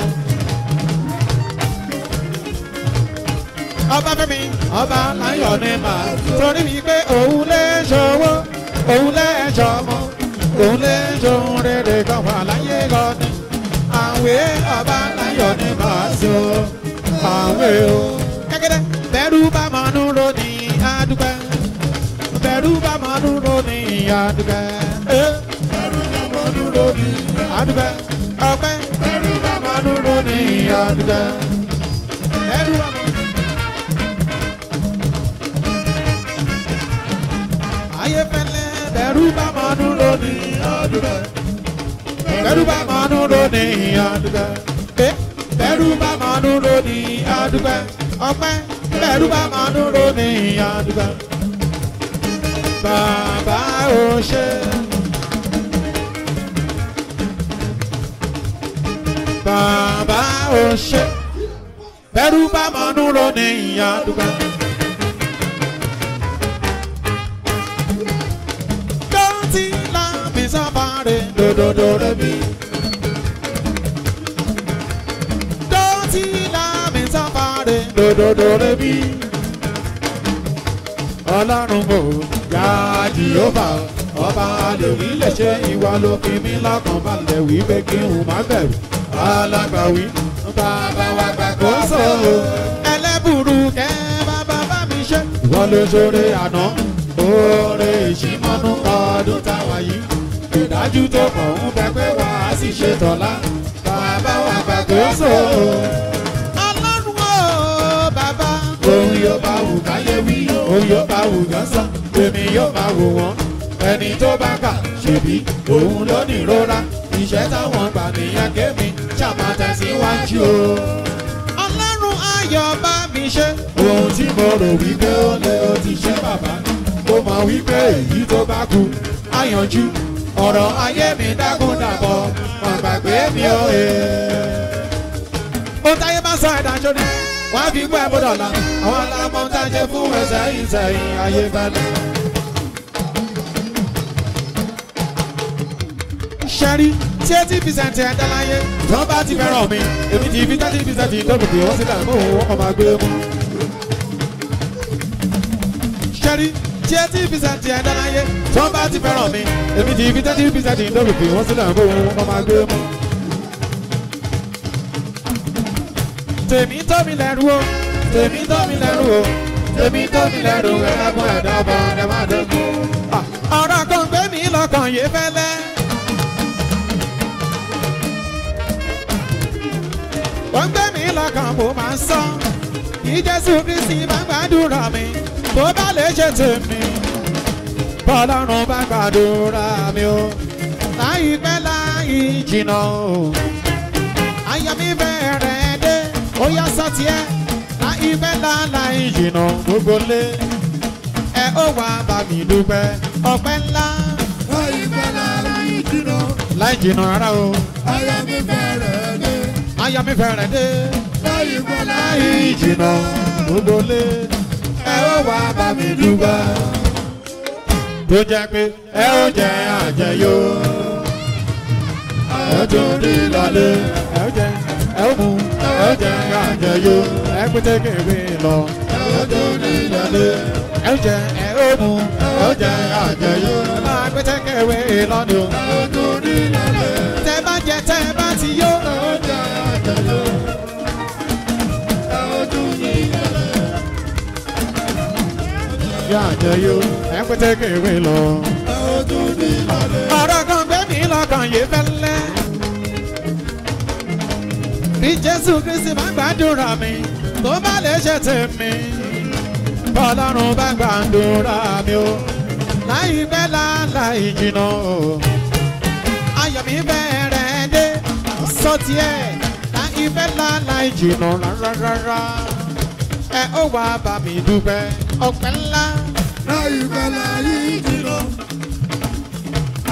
ọba fẹ́mi ọba láyọ̀ ní bàásì o. torí mi pé òun lè ṣòwò òun lè ṣọmọ òun lè ṣòun rere kan wà láyé lọ́ni. àwé ọba láyọ̀ ní bàásì o. àwé o. kẹ́kẹ́rẹ́ bẹ̀rù bá mọ́nú lónìí adúgbẹ́ bẹ̀rù bá mọ́nú lónìí adúgbẹ́ lómi àdúgbẹ́ ọpẹ́ ẹrú bá máa ń lò ní àdúgbẹ́ ẹrú bá máa. ayé fẹ́lẹ́ ẹrú bá máa ń lò ní àdúgbẹ́ ẹrú bá máa ń lò ní àdúgbẹ́ ẹrú bá máa ń lò ní àdúgbẹ́ ọpẹ́ ẹrú bá máa ń lò ní àdúgbẹ́ bàbá ò ṣe é. bàbá ò ṣe bẹ́rù bá mọ́nú lónìí ìyá dúpẹ́. dọ́tí láàmì sábàárẹ̀ dòdòdò rẹ̀ bí. dọ́tí láàmì sábàárẹ̀ dòdòdò rẹ̀ bí. ọlọ́run ò yá jìhóbà ọba lè rí lè ṣe ìwà lókè mi lákàn balẹ̀ wí pé kí n má bẹ̀rù alágbàwí bàbá wa gbàgbọ́sọ ẹlẹ́bùrú kẹ́ bàbá bá mi ṣe. wọ́n lè ṣeré àná oore ìṣímọ́nú ọdún táwa yìí ìdájú tó pọ̀ ń bẹ pé wàá sì ṣe tọ̀la bàbá wa gbàgbọ́sọ. ọlọ́run o bàbá. ohun yóò bá wù káyé wí ohun yóò bá wù gánsan èmi yóò bá wù wọ́n ẹni tó bá kà ṣèbí òun ló nìrora iṣẹ́ táwọn gbà nìyẹn kémi ṣáà máa tẹ̀síwájú o. ọlọ́run ayọ̀ bá mi ṣe. ohun tí mo rò wípé ó lé ó ti ṣe bàbá mo mọ̀ wípé èyí tó bá kú á yanjú ọ̀rọ̀ ayé mi dágún dàbọ̀ mọ̀ gbàgbé mi ò he. ohun táyé bá sọ ìdájọ́ ni wọ́n á fi gbọ́ ẹ̀bùn dọ̀la àwọn alámọ̀ ń tàjẹ́ fún ẹ̀sẹ̀ ìsẹ̀yìn ayé balẹ̀. ṣẹ́rí ṣe eighty percent ẹ̀ dáláyé tí wọ́n bá ti fẹ́ràn mi èmi ti fi thirty percent ìdọ́gbòkè wọ́n sílẹ̀ mọ́ òun wọ́n kàn máa gbé mú. ṣẹ́rí ṣe eighty percent ẹ̀ dáláyé tí wọ́n bá ti fẹ́ràn mi èmi ti fi thirty percent ìdọ́gbòkè wọ́n sílẹ̀ mọ́ òun wọ́n kàn máa gbé mú. tèmi tọ́ mi lẹ́rú o tèmi tọ́ mi lẹ́rú o tèmi tọ́ mi lẹ́rú ẹ̀ẹ́dọ́gbọ̀n ẹ̀dọ́gbọ̀n kan mo máa ń sọ kí Jésù Kristi bá gbàdúrà mi tó bá lè ṣe tèmi bọ́lọ́run bá gbàdúrà mi o láìpẹ́ láì jìnnà o àyà mi bẹ̀rẹ̀ dé ó yá sọ́tì ẹ̀ láìpẹ́ láì jìnnà gbogbo lé ẹ ó wá bá mi dúpẹ́ ọpẹ́ ńlá láìpẹ́ láì jìnnà láì jìnnà rárá o àyà mi fẹ́ rẹ̀ dé àyà mi fẹ́ dé ìgbẹ́ láì jìnnà gbogbo lé ẹ ó wá bá mi dúpẹ́. tó jẹ́ pé ẹ ó jẹ àjẹyó ọjọ́ orí lálé ẹ ó jẹ ẹ ó mu ẹ ó jẹ àjẹyó ẹ pété kèwé lọ ọjọ́ orí lálé ẹ ó jẹ ẹ ó mu ẹ ó jẹ àjẹyó ẹ pété kèwé lọ́nà ọjọ́ orí lálé tẹ bá jẹ tẹ bá ti yó ẹ ó jẹ àjẹyó. ìyá àjẹyó ẹ ń pété kéwé lọ. ọ̀rọ̀ kan gbé mi lọ́kàn yé fẹ́lẹ́. bí jésù kristi bá gbàdúrà mi tó bá lè ṣe tèmi. bọ́lọ́run bá gbàdúrà mi o láìpẹ́ láláì jìnnà o. ayọ̀ mi bẹ̀rẹ̀ dé sọ́tì ẹ̀ láìpẹ́ láláì jìnnà rárá rárá ẹ ó wá bá mi dúpẹ́ ọpẹ́ ńlá láyé bẹ́lá yìí dìrò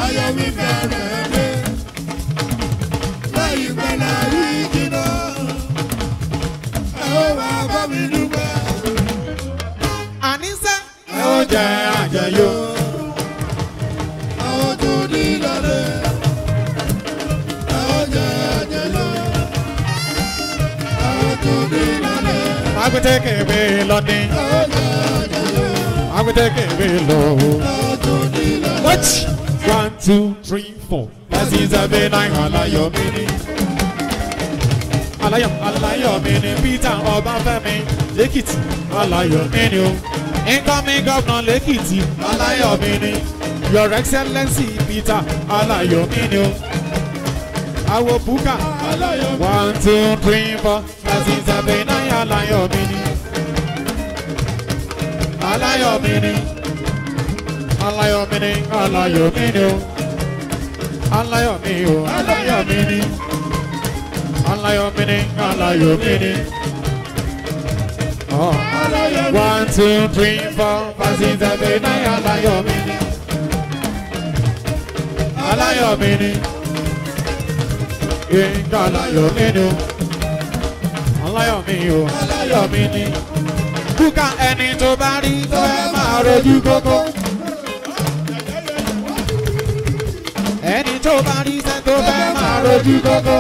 ayọ̀ mi fẹ́rẹ̀ lé mi dúpẹ́. àníṣe. ẹ ó jẹ àjẹyó. àwọn tó ní lọ́lẹ̀ ẹ ó jẹ àjẹyó. àwọn tó ní lọ́lẹ̀. wàá pété kébé lọ́dín. ẹ I'm gonna take it low. What? One, two, three, four. That's is a bit like Alayomini. Alayom, mini. Peter Obafemi, Lekiti, Alayomini. Incoming governor Lekiti, mini. Your Excellency Peter Alayomini. Awo Buka, Alayomini. One, two, three, four. That's is a bit like Alayomini. aláyọ̀mí ni aláyọ̀mí ni aláyọ̀mí ni o aláyọ̀mí o aláyọ̀mí ni aláyọ̀mí ni aláyọ̀mí ni. Oh, One, two, three, four, five, six, seven, nine, aláyọ̀mí ni. Aláyọ̀mí ni. Yínká aláyọ̀mí ni o. Aláyọ̀mí o. Aláyọ̀mí ni kúkà ẹni tó bá rí tó ẹ máa rojú kókó. ẹni tó bá rí sẹ́ tó ẹ máa rojú kókó.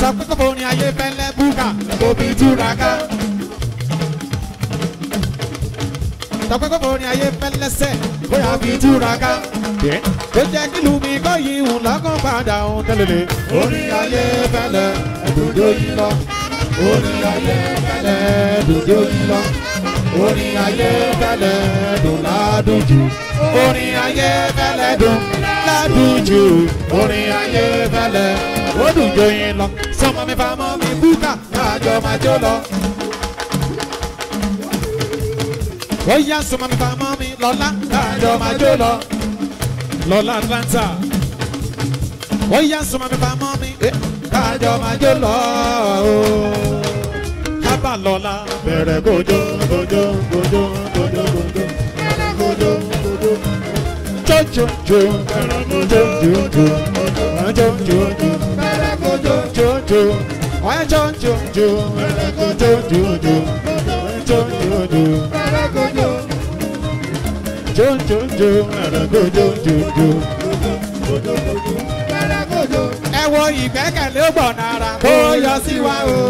sọkúnkúnbó ni ayé fẹ́lẹ́ búkà òbí túraká. sọkúnkúnbó ni ayé fẹ́lẹ́ sẹ́ bóyá bí túraká. tó jẹ́ kílùú mi kọ́ yìí ń lọ́kàn padà òun tẹ́lẹ̀ lé. orí ayé fẹ́lẹ́ ibùdó yìí lọ orin Ayéfẹ́lẹ́ dòde òyìnbó orin Ayéfẹ́lẹ́ dùn ládùn jù orin Ayéfẹ́lẹ́ dùn ládùn jù orin Ayéfẹ́lẹ́ ó dùn joyin lọ sọmọ mi famọ mi búkà kájọ máa jó lọ. ó yá sọmọ mi famọ mi lọ́lá kájọ máa jó lọ lọ́lá Atlanta ó yá sọmọ mi famọ mi kájọ máa jó lọ o. kábà lọ́la bẹ̀rẹ̀ gòjò gòjò gòjò gòjò gòjò gòjò gòjò jọjọ jọ jọjọ jọ jọjọ jọ jọ jọ ọ̀yẹ́ jọ jọ jọ jọ jọ jọ jọ jọ jọ jọ jọ jọ. gbogbo ìgbẹ́kẹ̀lé ó gbọ̀n nara kó yọ sí wa o.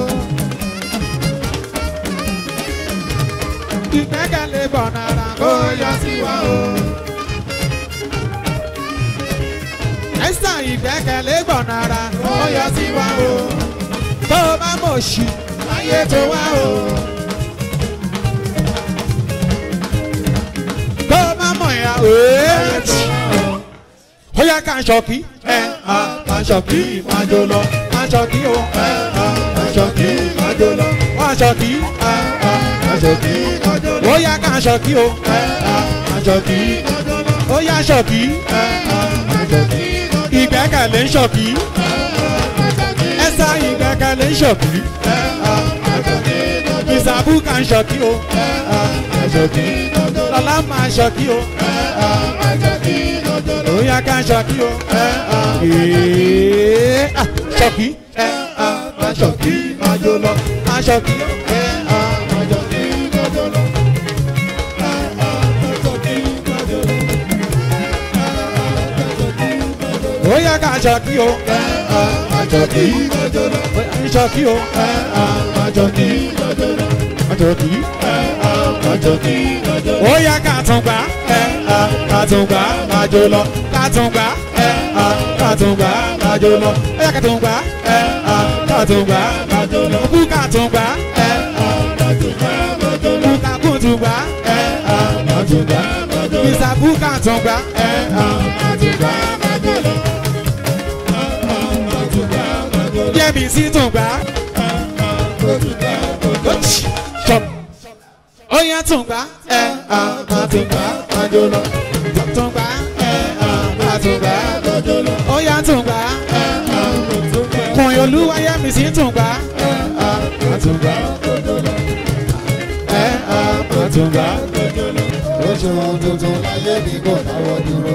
ìgbẹ́kẹ̀lé gbọ̀n nara kó yọ sí wa o. ẹ̀sà ìgbẹ́kẹ̀lé gbọ̀n nara kó yọ sí wa o. tó o bá mọ̀ sí ayé tó wá o. tó o bá mọ̀ ìyá o. ó yá ká ṣọkí ẹ̀ ọ́. Àṣàkí májò lọ Àṣàkí o Àṣàkí májò lọ Àṣàkí Àṣàkí májò lọ ó yá ká Àṣàkí o Àṣàkí májò lọ ó yá Àṣàkí ìgbẹ́kẹ̀lé ń ṣọ̀kí ẹ̀sà ìgbẹ́kẹ̀lé ń ṣọ̀kí ìsàbùkà ń ṣọ̀kí o lọ́lá máa ṣọ̀kí o. ó yá ká ṣọkí o ẹ á ṣọkí ẹ á má ṣọkí má jó lọ má ṣọkí ẹ á má ṣọkí má jó lọ. ó yá ká ṣọkí o ẹ á má ṣọkí má jó lọ má ṣọkí o ẹ á má ṣọkí má jó lọ má ṣọkí ẹ á má ṣọkí má jó lọ. ó yá ká tún gbà ẹ ká tún gbà máa jó lọ ká tún gbà ẹ ká tún gbà máa jó lọ ó yá ká tún gbà ẹ ká tún gbà máa jó lọ kú ká ẹ ká tún gbà lọ kú ká ẹ ká tún gbà lọ mr buka tún gbà ẹ ká tún gbà máa jó lọ yẹ́mi sí tún gbà ó yá tún gbà ẹ á máa tún gbà máa jó lọ. tún gbà ẹ̀ á máa tún gbà lọ́jọ́ lọ. ó yá tún gbà ẹ̀ á máa tún gbà. kùn Olúwayẹmisí tún gbà ẹ̀ á máa tún gbà lọ́jọ́ lọ. ẹ̀ á máa tún gbà lọ́jọ́ lọ. ó ṣe ohun tuntun láyé mi kò dáwọ́ dúró.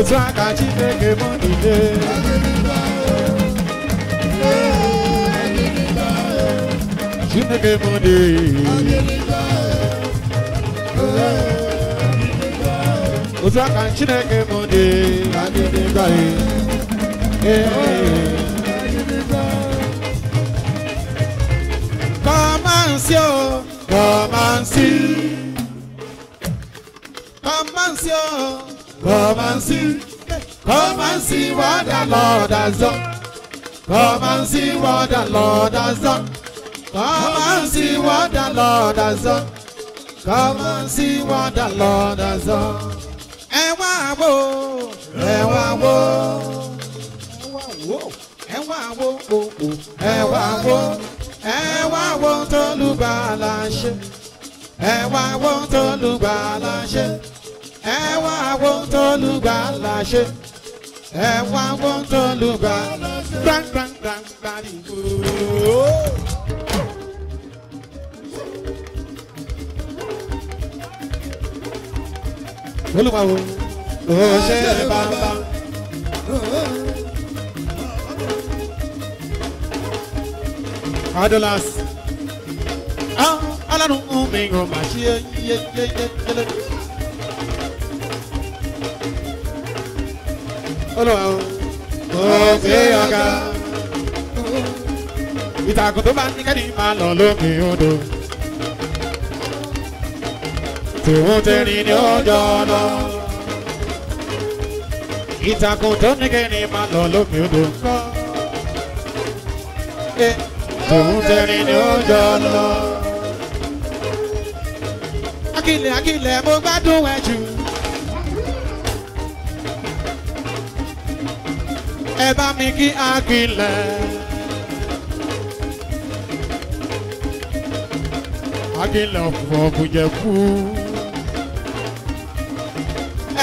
etu a ka Chineke m niile Chineke m niile otu aka chineke m dị kọmansị o kọmansị and see, come and see what the Lord has done. Come and see what the Lord has done. Come and see what the Lord has done. Come and see what the Lord has done. Ẹ wá wo, ẹ wá wo, ẹ wá wo, ẹ wá wo, ẹ wá wo tólùgbàlà ṣe, ẹ wá wo tólùgbàlà ṣe, ẹ wá wọ́n tó lùgbà láṣẹ. ẹ wá wọ́n tó lùgbà gbàngbàngbàngbà nìgbò. olùwàwò ó ṣe bàbá. adolas alanu mi ò mà ṣe yeyeyeyele. olùwà o kò sí ọ̀gá. ìtàkùn tó bá ní kẹ́ni máa lọ lókè odò. tòun tẹ̀rín ní ọjọ́ lọ. ìtàkùn tó ní kẹ́ni máa lọ lókè odò. tòun tẹ̀rín ní ọjọ́ lọ. akílẹ̀ akílẹ̀ mo gbádùn ẹ̀ jù. ẹ bá mi kí Akilẹ̀. Akilẹ̀ fọ̀gùjẹ̀kú.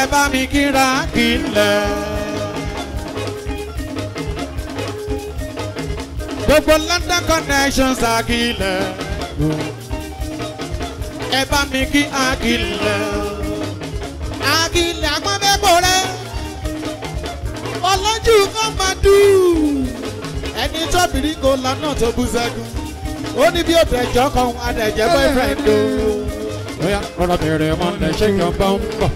ẹ bá mi kí Akilẹ̀. gbogbo London connections Akilẹ̀. ẹ bá mi kí Akilẹ̀. dùn ẹni tó bìrìngò lánà tó bú sẹ́gun ó ní bí òdẹ̀jọ́ kan adẹ̀jẹ́ boyfriend o. bóyá ọ̀rọ̀ bẹ̀rẹ̀ wọn lè ṣe kí ọba ń bọ̀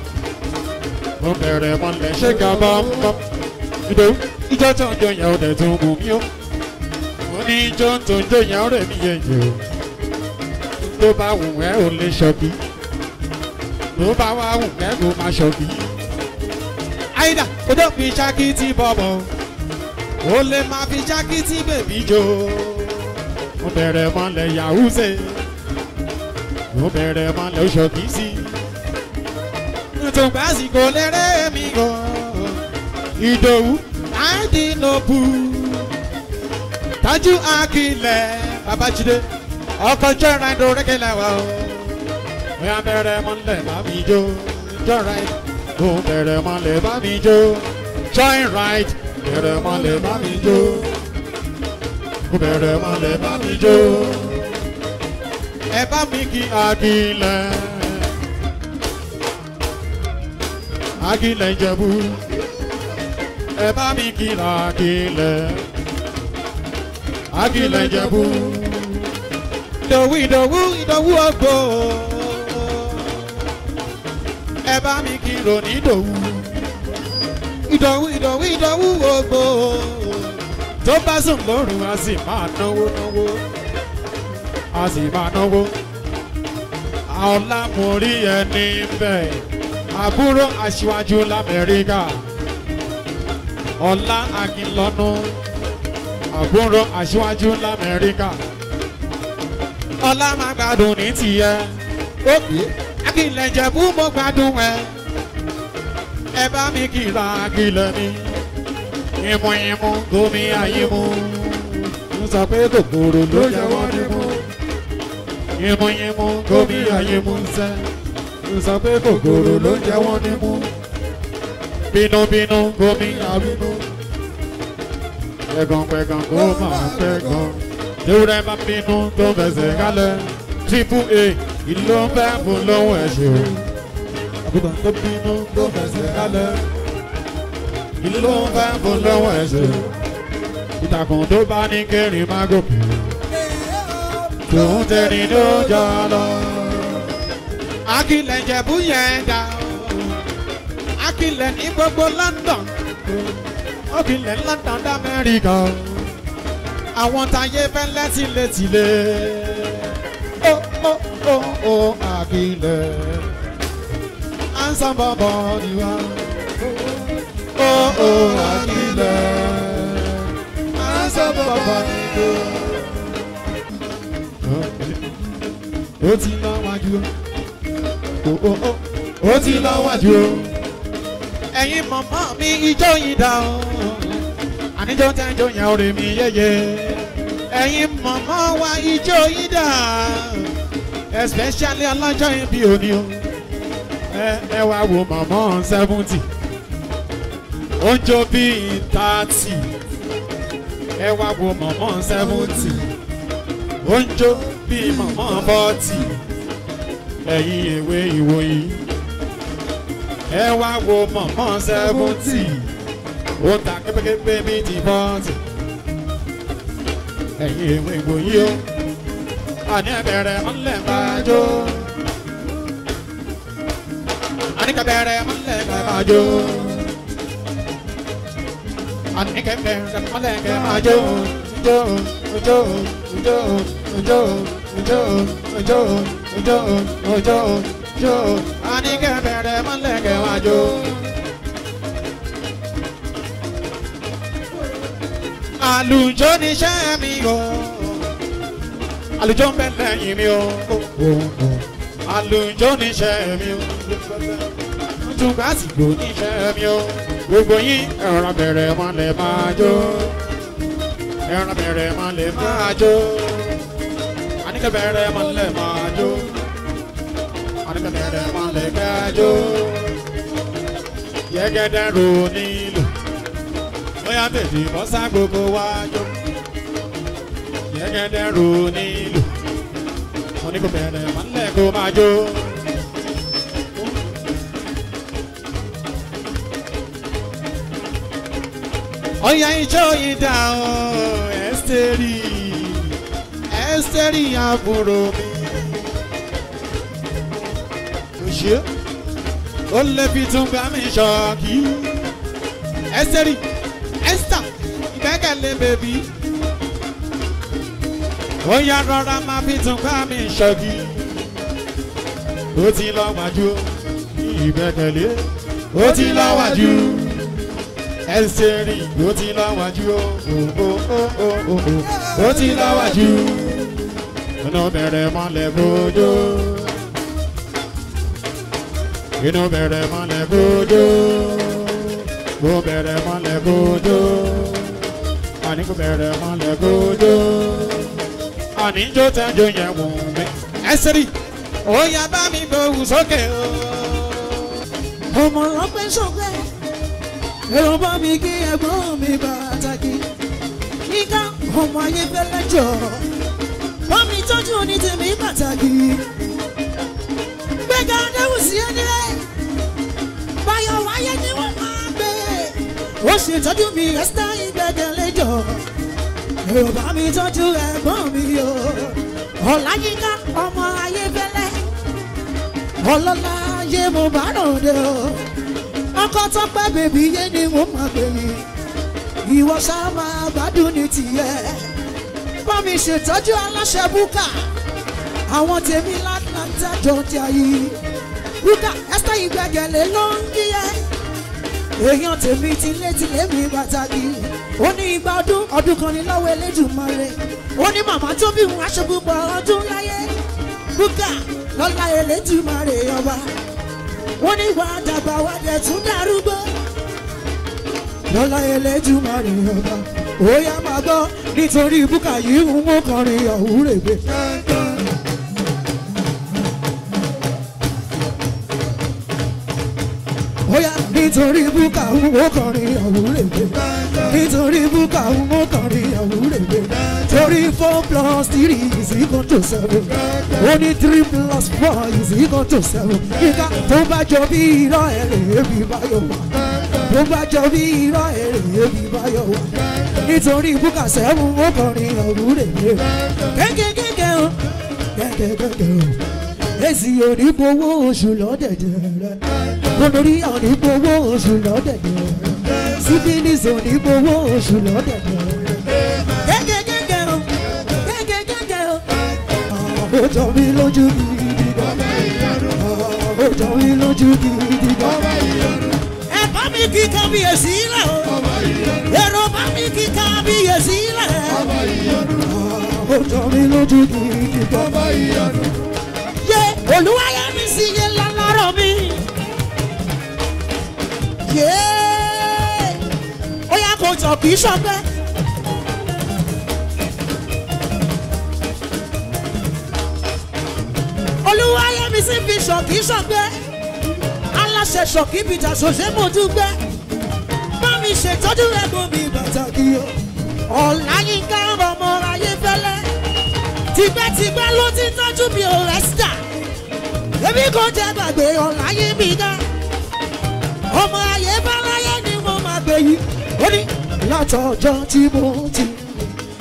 mo bẹ̀rẹ̀ wọn lè ṣe kí ọba ń bọ̀ ìdòwú ìjọ tó ń jó yẹn ó dẹ̀ tó ń wù mí o mo ní ìjọ tó ń jó yẹn ó rẹ̀ mí yẹn yìí o tó bá wù ẹ́ ò lè ṣọ́bí tó bá wà wù ẹ́ kò má ṣọ́bí. àyìnbá kò dópin ṣáàkì tí bọ́bọ̀ ó lè máa fi jákìtì bèbí jó mo bẹ̀rẹ̀ mọ́lẹ̀ yahuze mo bẹ̀rẹ̀ mọ́lẹ̀ oṣokìsì nítorí àsìkò lérè mi gan ìdòwú àìdínlóbù tájú akilẹ̀ babájídé ọkọ̀ jọra ẹ̀dùn rẹ́kẹ̀lẹ̀ wa o mo yà bẹ̀rẹ̀ mọ́lẹ̀ bá mi jó jọra ẹ̀ mo bẹ̀rẹ̀ mọ́lẹ̀ bá mi jó join right bẹ̀rẹ̀ mọ́lẹ̀ bá mi jó kò bẹ̀rẹ̀ mọ́lẹ̀ bá mi jó ẹ bá mi kí agilẹ̀ agilẹ̀ jẹ̀bú ẹ bá mi kí agilẹ̀ agilẹ̀ jẹ̀bú ìdòwú ìdòwú ìdòwú ọgbọ́n ẹ bá mi kí ronú ìdánwò ìdánwò ìdánwò gbogbo tó bá sùn lọ́rùn a sì máa náwó náwó a sì máa náwó. ọlámúrí ẹni bẹ́ẹ̀ àbúrò aṣíwájú lamẹ́ríkà ọlá akínlọ́nù àbúrò aṣíwájú lamẹ́ríkà ọlá máa gbádùn ní tiẹ̀ ó pè é akínlẹ̀jẹ̀ bú mo gbádùn ẹ̀ ẹ mi kìlọ̀ kìlọ̀ ni imú imú gómi àyímú ń sọ pé kòkòrò ló jẹ́wọ́ nímú imú imú gómi àyímú ń sẹ́ ń sọ pé kòkòrò ló jẹ́wọ́ nímú bínúbínú gómi àbínú pẹ̀gàn pẹ̀gàn kó máa pẹ̀gàn ewúrẹ́ bá bínú tó fẹsẹ̀ kálẹ̀ triple a ìlú ń fẹ́ fún lọ́wọ́ ẹ̀ àgùntàn tó bínú tó fẹsẹ̀ rálẹ̀. ìlú ló ń fẹ́ fún lọ́wọ́ ẹ̀ṣẹ̀. ìtàkùn tó bá ní kẹrin má gòkè. tòun tẹni ló jọ lọ. akilẹ̀ jẹ̀bú yẹn ga o. akilẹ̀ ní gbogbo London. akilẹ̀ London d'Amẹ́ríkà o. àwọn táyé fẹ́ lẹ́tìlétìlé. ó ó ó ó akilẹ̀ sábà bọ̀ ìwà. Ó ó àkìlẹ̀ máa ń sábà bọ̀ ìwà. Ó ti lọ wájú o. Oh, oh, oh. Ó ti lọ wájú o. Ẹ̀yin mọ̀mọ́ mi ijó yìí dá o. Àníjọ́ tẹ́ ń jó yẹn orí mi yẹ́yẹ́. Ẹ̀yin mọ̀mọ́ wa ijó yìí dá. Especially ọlọ́jọ́ yìí bí òní o ẹ wá wo màmá seventy ó ń jó bíi thirty ẹ wá wo màmá seventy ó ń jó bíi màmá forty ẹ̀yin èwe ìwòyí ẹ wá wo màmá seventy ó ta kébékébé bíi ti forty ẹ̀yin èwe ìwòyí o àní ẹ̀bẹ̀rẹ̀ ọ̀lẹ́mbàjọ́. Anika bere malenge majo Anika bere malenge majo Jo jo jo jo jo jo jo jo jo Anika bere malenge majo Àlùjọ níṣẹ́ mi o àlùjọ ń bẹ lẹ́yìn mi o ni níṣẹ́ mi o tún kásìgbò nífẹ̀ẹ́ mi o gbogbo yín ẹran bẹ̀rẹ̀ máa lè máa jó ẹran bẹ̀rẹ̀ máa lè máa jó àníkẹ́ bẹ̀rẹ̀ máa lè máa jó àníkẹ́ bẹ̀rẹ̀ máa lè ká jó yẹ́gẹ́dẹ́ ro nílò bóyá tètè bọ́ sá gbogbo wá jó yẹ́gẹ́dẹ́ ro nílò oníkó bẹ̀rẹ̀ máa lè kó máa jó. ọ̀yà ìjọ ìdá o ẹ̀sítẹ́rì ẹ̀sítẹ́rì àbúrò mi. òṣè ó lè fi tún gbà mí ṣọ́ọ̀kì ẹ̀sítẹ́rì ẹ̀sítà ìgbẹ́kẹ̀lé bèbí ó yá rọra máa fi tún gbà mí ṣọ́ọ̀kì ó ti lọ wájú ìgbẹ́kẹ̀lé ó ti lọ wájú ẹsẹ̀rì ló ti láwájú o ó ti láwájú inú bẹ̀rẹ̀ mọ́lẹ̀ bójó inú bẹ̀rẹ̀ mọ́lẹ̀ bójó bó bẹ̀rẹ̀ mọ́lẹ̀ bójó àní kò bẹ̀rẹ̀ mọ́lẹ̀ bójó àní jó tẹ́jọ́ yẹn wù mí ẹsẹ̀rì ó yá bá mi gbóhùn sókè o. ọmọ ọpẹ sọgbẹ èrò bá mi kí ẹ̀gbọ́n mi pàtàkì kíká ọmọ ayé fẹ́lẹ́ jọ bá mi tọ́jú ní tèmi pàtàkì gbẹ̀gà adéhùn sí ẹnilẹ̀ báyọ̀ wáyé ni wọ́n máa gbé ó ṣètọ́jú mi ẹ̀sítá ìgbẹ́gẹ̀lẹ́ jọ èrò bá mi tọ́jú ẹ̀gbọ́n mi o ọ̀làyíká ọmọ ayé fẹ́lẹ́ ọlọ́lá ayé mo bá ròde o orúkọ tó pẹ́ bèbí yé ni mo máa pè yín ìwọ ṣáà máa gbádùn ní tìyẹ bá mi ṣètọ́jú aláṣẹ búkà àwọn tèmi látlanta jọjà yìí búkà ẹsẹ̀ ìgbẹ́gẹ̀lẹ̀ ló ń kíyẹ́ èèyàn tèmi tilé tilé mi pàtàkì ó ní igba ọdún ọdún kan ní lọ́wọ́ Elédùmarè ó ní màmá tó bí wọn aṣọ púpọ̀ ọdún láyé búkà lọ́lá Elédùmarè ọba wọ́n ní wàá dàgbà wá dẹ̀ tún darúgbó. lọ́lá Elédùmarè ọba ó yá máa gbọ́ nítorí búkà yìí ń mú kọrin ọ̀hún rèé gbé. nítorí búkà òun ó kọrin ọ̀hún lè gbé nítorí búkà òun ó kọrin ọ̀hún lè gbé torí four plus three is equal to seven ó ní three plus four is equal to seven nígbà tó bá jọ bí irọ́ ẹ̀rẹ̀ èbí báyọ̀ wá tó bá jọ bí irọ́ ẹ̀rẹ̀ èbí báyọ̀ wá nítorí búkà sẹ́wọ̀n ó kọrin ọ̀hún lè gbé kékeré kékeré kékeré kékeré kèsì onígbowó oṣù lọ́dẹ̀dẹ̀ rẹ gonorrhea onígbowó oṣù lọ́dẹ̀dẹ̀ rẹ syphilis onígbowó oṣù lọ́dẹ̀dẹ̀ rẹ gẹ́gẹ́gẹ́gẹ́ o gẹ́gẹ́gẹ́gẹ́ o ó jọ mí lójú gidi gan ó jọ mí lójú gidi gan ẹ̀bá mi kí kábíyèsí lẹ̀ o èrò bá mi kí kábíyèsí lẹ̀ ó jọ mí lójú gidi gan olúwayẹmísì yẹn lọ́lọ́rọ̀ mi. ó yá kó jọ kì í ṣọgbẹ́. olúwayẹmísì fi ṣọ kì í ṣọgbẹ́. aláṣẹ ṣọ kì í bìjà ṣòṣe mò ń dúpẹ́. bá mi ṣètọ́jú ẹ̀gbọ́n mi pàtàkì o. ọ̀làyínká ọmọ ayé fẹ́lẹ́. tìgbẹ́tìgbẹ́ ló ti tọ́jú mi ò rẹ́sítà èmi kò jẹ́ gbàgbé ọ̀la yín bí ká ọmọ ayé báláyé ni mo máa gbé yìí ó ní látọjọ́ tí mo ti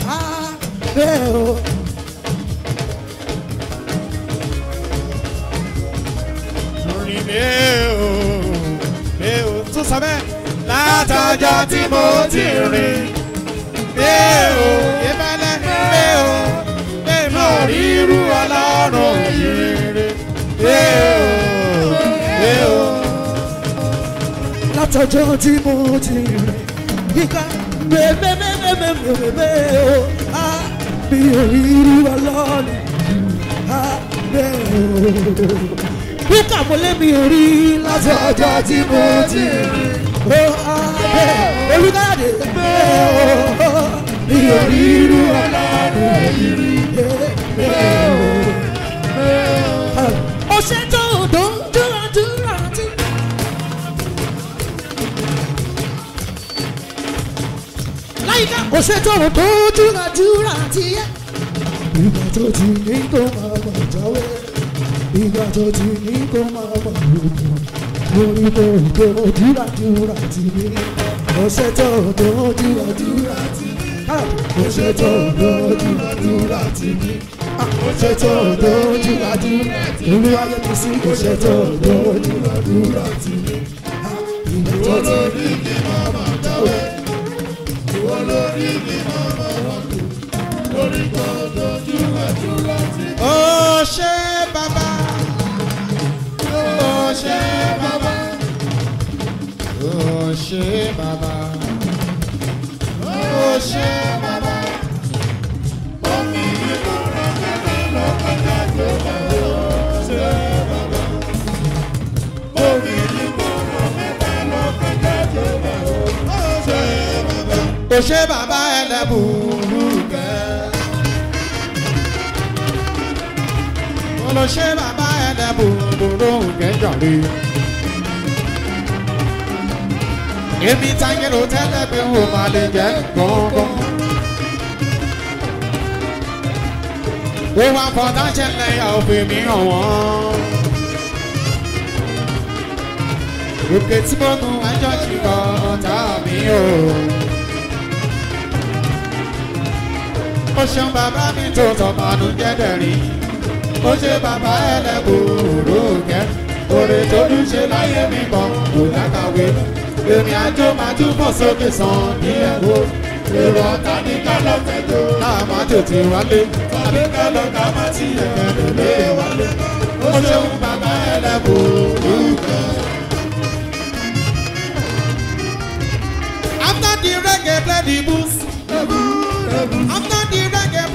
ká bẹ́ẹ̀ o. orin bẹ́ẹ̀ o bẹ́ẹ̀ o tún sọ bẹ́ẹ̀ látọjọ́ tí mo ti rìn bẹ́ẹ̀ o ìbálẹ̀ bẹ́ẹ̀ o bẹ́ẹ̀ mo rí irú ọlọ́run yìí látọjọ́ tí mo ti rìn ìka mẹ́mẹ́mẹ́mẹ́mẹ́mẹ́ o á mi ò rí rí wa lọ́ọ̀lì á bẹ́ẹ̀ o. ìka mo lé mi ò rí látọjọ́ tí mo ti rìn o á bẹ́ẹ̀ o. olùdáyàdé bẹ́ẹ̀ o mi ò rí rí wa lọ́ọ̀lì. kò sétòrò tó júra júra tiẹ̀. ìgbà tó ti ní kó máa gbà jáwé ìgbà tó ti ní kó máa gbà lóògùn lórí kò tó júra júra tiẹ̀. kò sétòrò tó júra júra tiẹ̀. kò sétòrò tó júra júra tiẹ̀. kò sétòrò tó júra júra tiẹ̀. olúwa yẹ kí sí kò sétòrò tó júra júra tiẹ̀. ìgbà tó ti ní kó. Oh mi mọ́ lọ́wọ́ lù orí kò dojúmọ̀ kò ṣe bàbá ẹlẹ́bùrú kẹ́. mo lọ ṣe bàbá ẹlẹ́bùrú kẹ́ jọ̀rí. èmi táyé ló tẹ́lẹ̀ pé mo máa lè jẹ́ gbọ̀ngàn. wíwá fọdá ṣẹlẹ̀ yà òfin mi hàn wọ́n. Òkè tí mo nu ẹjọ́ ṣì kọ́ ọ̀tá mi o. ó ṣeun bàbá mi tó tọmọdún jẹ́dẹ̀ rí ó ṣe bàbá ẹlẹ́kùrú kẹ́ oore tó ń ṣe láyé mi kan kò lákàwé èmi àjò máa túbọ̀ sókè sàn ní ẹ̀wọ́ èrò ọ̀tá ní kálọ̀fẹ́ tó láàmú tètè wálé tàbí kálọ̀ká má ti ẹ̀kẹ́ lè wálé ó ṣeun bàbá ẹlẹ́kùrú kẹ́. After the reggae play the blues, after the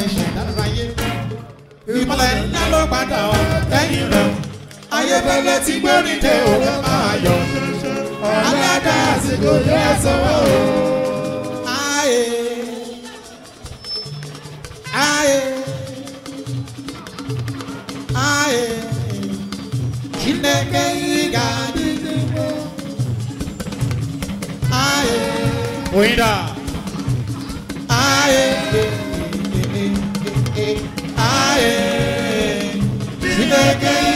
celebration that's aye. ìmọ̀lẹ̀ ńlá ló padà ọ̀ lẹ́yìn rẹ̀. ayébẹ́lẹ́ ti gbóríde òwe máa yọ̀. aládà àsìkò yóò sọ̀rọ̀ o. ayé ayé ayé Chineke ị ga-adịgide ayé. Oyinda. ayé ae Chineke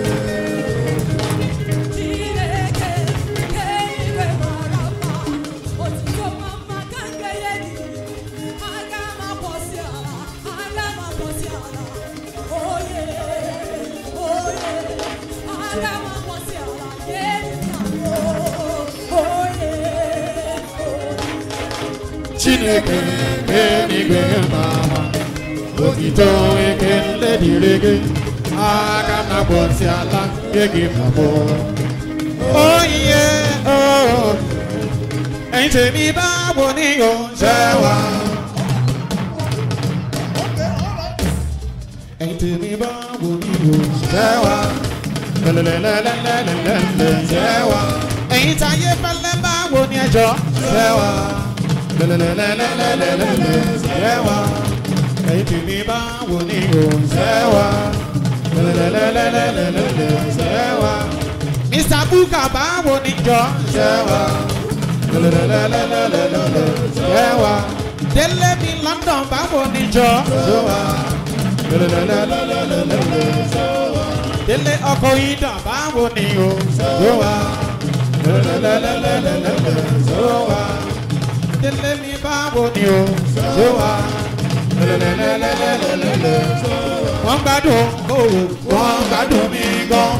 eke enigwe mama otito eke ndediri gị aka na gbọsi ala ni yóò ṣe wá. ẹ̀yìntèmi bá wo ni yóò ṣe wá. lẹ́lẹ́lẹ́lẹ́lẹ́lẹ́lẹ́ ṣe wá. ni ẹjọ́ lẹ́lẹ́lẹ́lẹ́lẹ́lẹ́lẹ́ sẹ́wà ẹ̀yìn tèmi bá wò ní o sẹ́wà lẹ́lẹ́lẹ́lẹ́lẹ́lẹ́ sẹ́wà Mr. Bukka bá wò ní jọ sẹ́wà lẹ́lẹ́lẹ́lẹ́lẹ́lẹ́ sẹ́wà Délé mi London bá wò ní jọ sẹ́wà lẹ́lẹ́lẹ́lẹ́lẹ́lẹ́ sẹ́wà Délé ọkọ̀ ìdàn bá wò ní o sẹ́wà lẹ́lẹ́lẹ́lẹ́lẹ́lẹ́ sẹ́wà délé mi báwo ni o ṣé wà. wọ́n gbádùn kóòwò wọ́n gbádùn mi gan.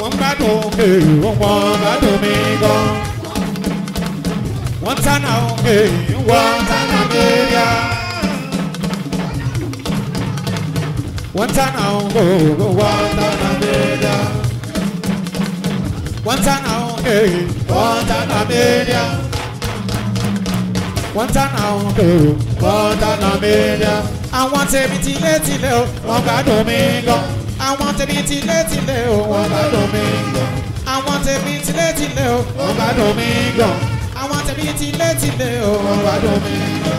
wọ́n gbádùn èrò wọ́n gbádùn mi gan. wọ́n tánà èrò wọ́n tánà mẹ́ríà. wọ́n tánà ògògò wọ́n tánà. Wanta now, oh. hey, wanta na media. Wanta now, oh. hey, wanta na media. Àwọn tèmi ti lé tilẹ̀ o, oh. wọ́n gbádùn mi lọ. Àwọn tèmi ti lé tilẹ̀ o, wọ́n gbádùn mi lọ. Àwọn tèmi ti lé tilẹ̀ o, wọ́n gbádùn mi lọ. Àwọn tèmi ti lé tilẹ̀ o, wọ́n gbádùn mi lọ.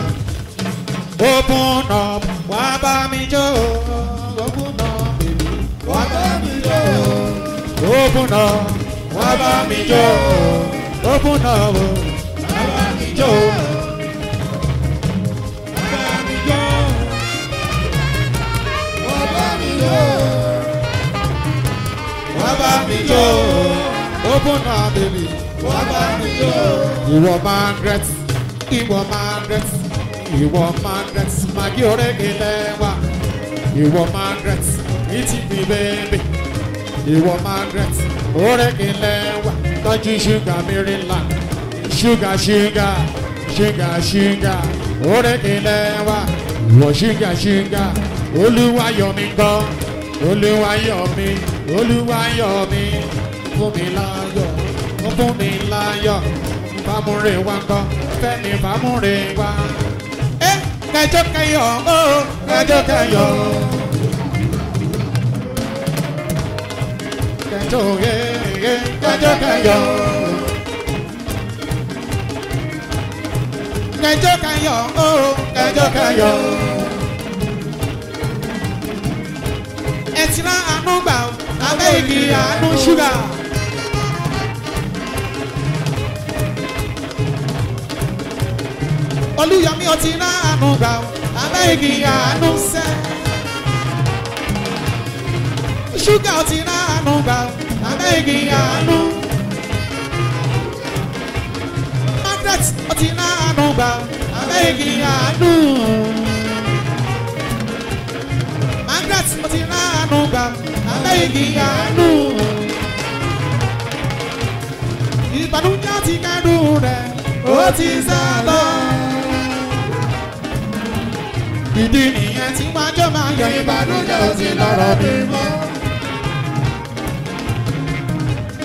Open up, wá bá mi jó. Open up, baby, wá bá mi jó. Open up wá mi jo, open up. náà mi jo, wá mi jo, wá bá mi jó wá bá mi jó ó mi jó. ìwọ máa ń rẹ́tì ìwọ máa ń rẹ́tì ìwọ máa ń rẹ́tì màgí ọ̀rẹ́ kìlẹ̀ wá ìwọ máa ń rẹ́tì ní ti bẹ́ẹ̀ bẹ́ẹ̀ ìwọ Margaret orin ilẹ̀ wa tọ́jú ṣúgà Maryland ṣúgà ṣúgà ṣúgà ṣúgà orin ilẹ̀ wa ìwọ ṣúgà ṣúgà olúwayọ̀mí gbọ́ olúwayọ̀mí olúwayọ̀mí fún mi láyọ̀ fún mi láyọ̀ fàmúre wa gbọ́ fẹ́mi fàmúre wa. ẹ eh, kẹjọ kẹyọ ó oh, kẹjọ kẹyọ ó. kanjo ge ge kanjo kanjo kanjo oh kanjo kanjo ẹtìlá àánú gbà abẹ́ igi àánú ṣúgà. olùyọmí ọtí náà àánú gbà abẹ́ igi àánú sẹ́ ṣúgà ọtí náà. Anuga, gbà anu. igi àánú. Margaret ó ti ná àánú gbà abẹ́ igi àánú. Margaret ó ti ná àánú gbà Ìbànújẹ́ ti kẹ́dùn rẹ̀ ó ti sá lọ. Ìdí nìyẹn tí wájọ́ máa yọ ìbànújẹ́ ó ti lọ́rọ̀ mi mọ́.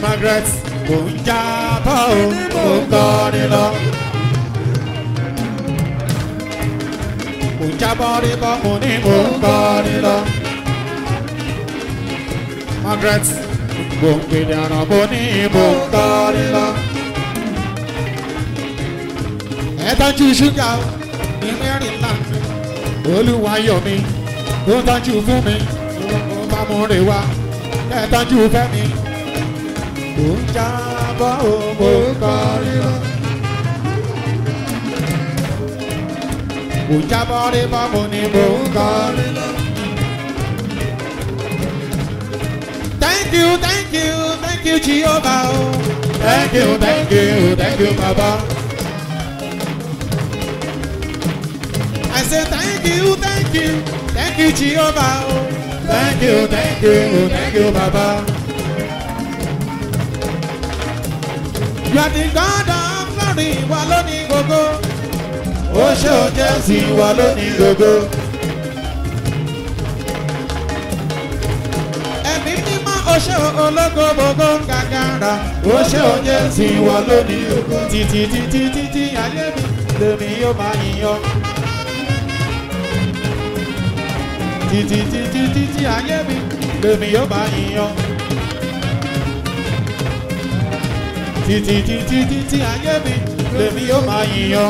Margaret kò ń jábọ̀ o kò ń gbọ́ni lọ. kò ń jábọ̀ rí bọ́ mo ní kò ń gbọ́ni lọ. Margaret kò ń gbèdè àná mo ní kò ń gbọ́ni lọ. ẹ ṣúgà ní mẹ́rin láti olúwayọ̀mí tó tọ́jú fún mi mo bá mú rè wá ẹ fẹ́ mi. Thank you, thank you, thank you Jehovah Thank you, thank you, thank you Baba I say thank you, thank you, thank you Jehovah Thank you, thank you, thank you Baba You are the God of glory, ìwọ ló ní gbogbo. Ó ṣe ò Jésù, ìwọ ló ní gbogbo. Ẹ̀mí mímọ́ ó ṣe ológo gbogbo gàgàrà. Ó ṣe ò Jésù, ìwọ ló ní gbogbo. Títí títí títí ayé mi lèmi yóò máa yíyan. Títí títí títí ayé mi lèmi yóò máa yíyan. títí títí títí ayé mi lèmi yóò máa yìnyọ.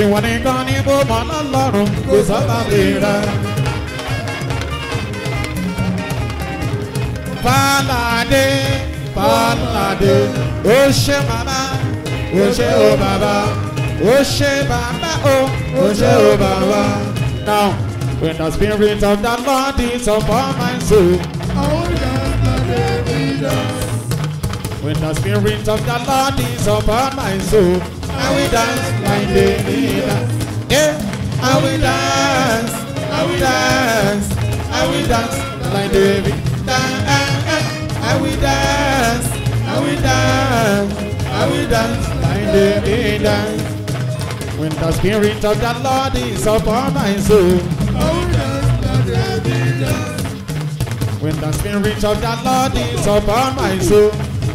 ìwọ nìkan ni mo mọ̀ lọ́lọ́run kò sábà lè ra. Fálàdé Fálàdé ó ṣe màmá ó ṣe ó bàbá ó ṣe bàbá ó ó ṣe ó bàbá. Now, when the spirit of the Lord is upon my soul. When the spirit of the Lord is upon my soul, I will dance like David. Yeah, I will dance, I will dance, I will dance like David. Eh, eh, I will dance, I will dance, I will dance like David. When the spirit of the Lord is upon my soul, I will dance like David. When the spirit of the Lord is upon my soul.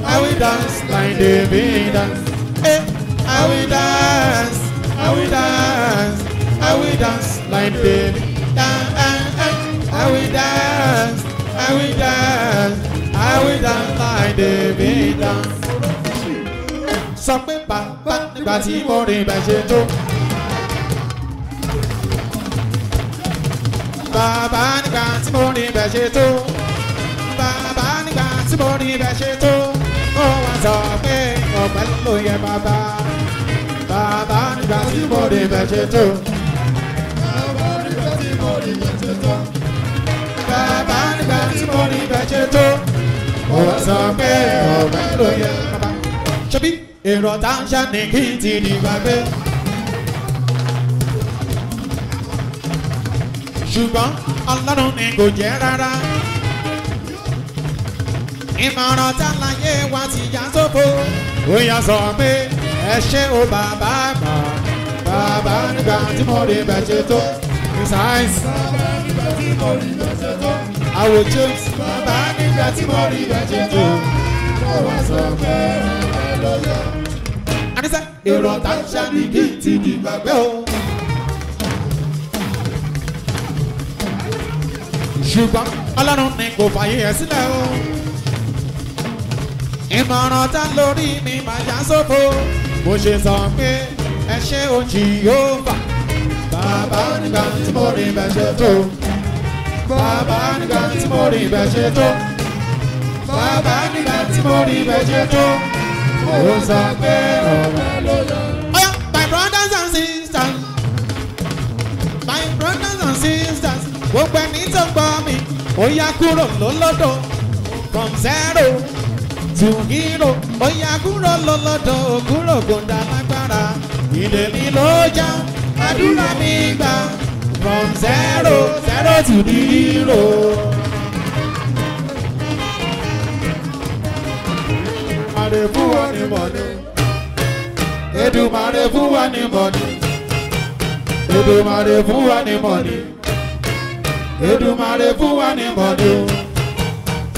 I will dance like David eh, dance. Hey, I will dance, I will dance, I will dance like David dance. I will dance, I will dance, I will dance like David dance. Sọ bàbá nígbà tí mo rìn bẹ̀ṣẹ̀ tó. Bàbá nígbà tí mo rìn bẹ̀ṣẹ̀ tó. Bàbá nígbà tí mo rìn bẹ̀ṣẹ̀ tó. sọ pé ọ̀pẹ ló yẹ bàbá bàbá nígbà tí mo rí bẹ̀ ṣe tó. bàbá nígbà tí mo rí bẹ̀ ṣe tó. bàbá nígbà tí mo rí bẹ̀ ṣe tó. ó sọ pé ọ̀pẹ ló yẹ bàbá. ṣebí èrò tá ń ṣá ní kí n ti di gbàgbé. ṣùgbọ́n ọlọ́run ni kò jẹ́ rárá ìmọ̀ràn táláyé wa ti já sófo ó yà sọ pé ẹ ṣé o bàbá mọ̀ bàbá nígbà tí mo rí bẹ̀ ṣe tó ìsáyẹ̀sì bàbá nígbà tí mo rí bẹ̀ ṣe tó àwòjọ bàbá nígbà tí mo rí bẹ̀ ṣe tó mo sọ pé ẹ lọ yẹ. àdìsẹ́ èrò tá a ní kí ti di gbàgbé o. ṣùgbọ́n ọlọ́run ni kò fààyè ẹ̀ sílẹ̀ o ìmọ̀ràn tá lórí mi máa já sófo mo ṣe sọ pé ẹ ṣe òjì yóò fà. bàbá onígbà tí mo rìn bẹ́ẹ̀ ṣe tó. bàbá onígbà tí mo rìn bẹ́ẹ̀ ṣe tó. bàbá onígbà tí mo rìn bẹ́ẹ̀ ṣe tó. mo sọ pé ọ̀rọ̀ ló yọ. my brothers and sisters my brothers and sisters gbogbo ẹni tó gbọ́ mi ó yá kúrò lólódò from zero tí ò hírò ọ̀yà kúrò lọ́lọ́dọ̀ òkúrò gbòǹda lágbára ìdè mi ló já àdúrà mi gbà from zero zero to zero. Èdùmàrè fún wa ní mọ̀ni. Èdùmàrè fún wa ní mọ̀ni. Èdùmàrè fún wa ní mọ̀ni. Èdùmàrè fún wa ní mọ̀ni.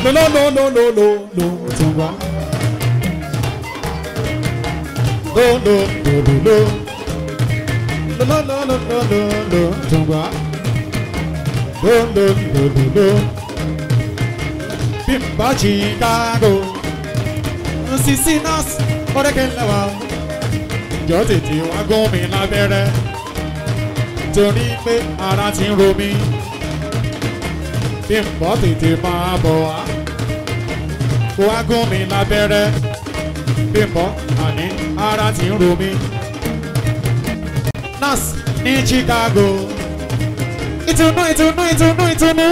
No, no, no, no, no, no, no, to wa. No, no, no, no, no. No, no, no, no, no, no, no, to wa. No, no, no, no, no. Bimba Chicago. Sisi nas, ọ̀rẹ́kẹ̀ lẹ́wà. Ìjọ tètè wá gún mi lábẹ́rẹ́. Torí pé ara ti ń ro mi. Bimba tètè máa bọ̀ wá kó wá gún mi lábẹ́rẹ́ bímbọ́ àní ara ti ń ro mi. nurse ní Chicago ìtùnú ìtùnú ìtùnú ìtùnú.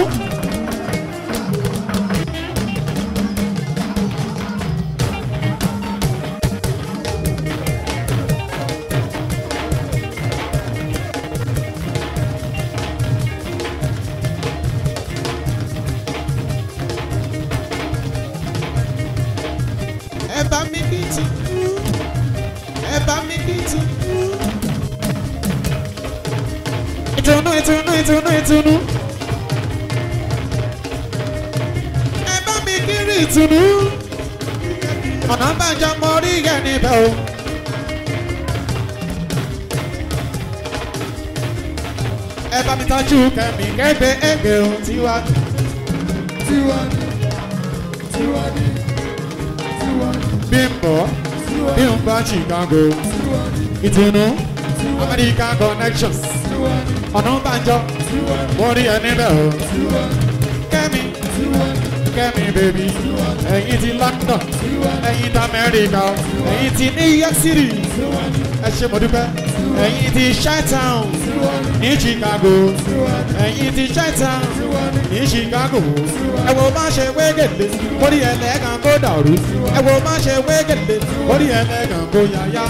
kẹ́gbẹ́ ẹgbẹ̀rún tiwa ni tiwa ni tiwa ni tiwa ni. bí n bọ̀ bí n bá Chicago ìtùnú America connections Ọ̀nàbànjọ borí ẹni bẹ́ẹ̀ o kẹ́mi kẹ́mi bèbí ẹ̀yin ti London ẹ̀yin ti America ẹ̀yin ti New York City ẹ ṣé mo dúpẹ́ ti chi town ní Chicago ẹ̀yin ti China. ní Chicago ẹ wo má ṣe wégele orí ẹlẹ́gàn kó dàrú ẹ wo má ṣe wégele orí ẹlẹ́gàn kó yáyá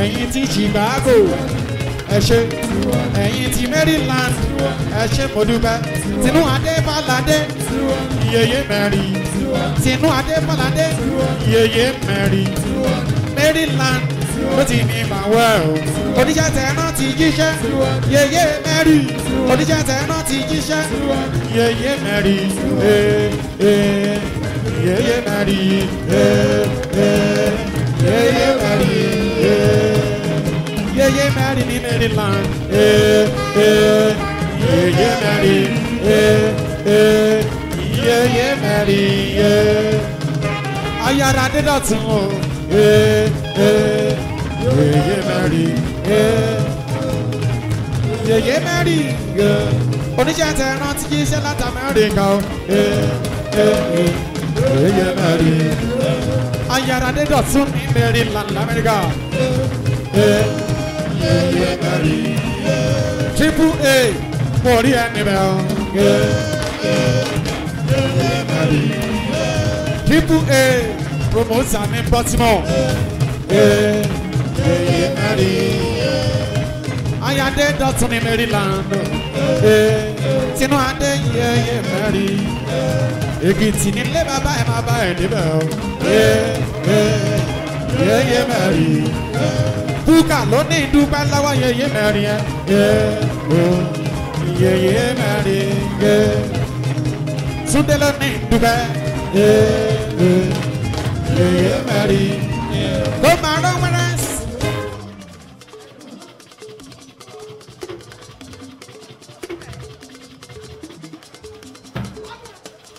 ẹ̀yin ti Chicago ẹ ṣé ẹ̀yin ti Maryland ẹ ṣé mo dúpẹ́ tinú adé balade iyeye mẹ́rin tinú adé balade iyeye mẹ́rin Maryland ó ti ní màwẹ́ o. oníṣẹ́ tẹ̀rán ti jíṣẹ́ yèyé mẹ́rì oníṣẹ́ tẹ̀rán ti jíṣẹ́ yèyé mẹ́rì yèyé mẹ́rì yèyé mẹ́rì yèyé mẹ́rì ní Maryland yèyé mẹ́rì yèyé mẹ́rì ayára dé dọ̀tún o. Yeye Mary, eh. Yeye Mary, eh. oníṣẹ́ tẹ rántí kí iṣẹ́ láti Amẹ́ríkà o. Eh, Yeye Mary, ayaradé dọ̀tún ní Maryland l'Amẹ́ríkà. Yeye Mary, triple A kò rí ẹni bẹ́ẹ̀ o. Yeye Mary, triple A promoter ní Baltimore. Yeye eh, Mary. Ayade Dọ̀tun ní Maryland. Tinú Adé Yeye Mary. Èkìtì the bàbá ẹ̀ máa bá ẹ̀ níbẹ̀ yeah, yeah, Mary. Búkà ló ní ìdúpẹ́ lọ́wọ́ yeah, Mary yeah, eh. eh, yeah, Mary. Túndé ló ní Yeah, yeah, Mary.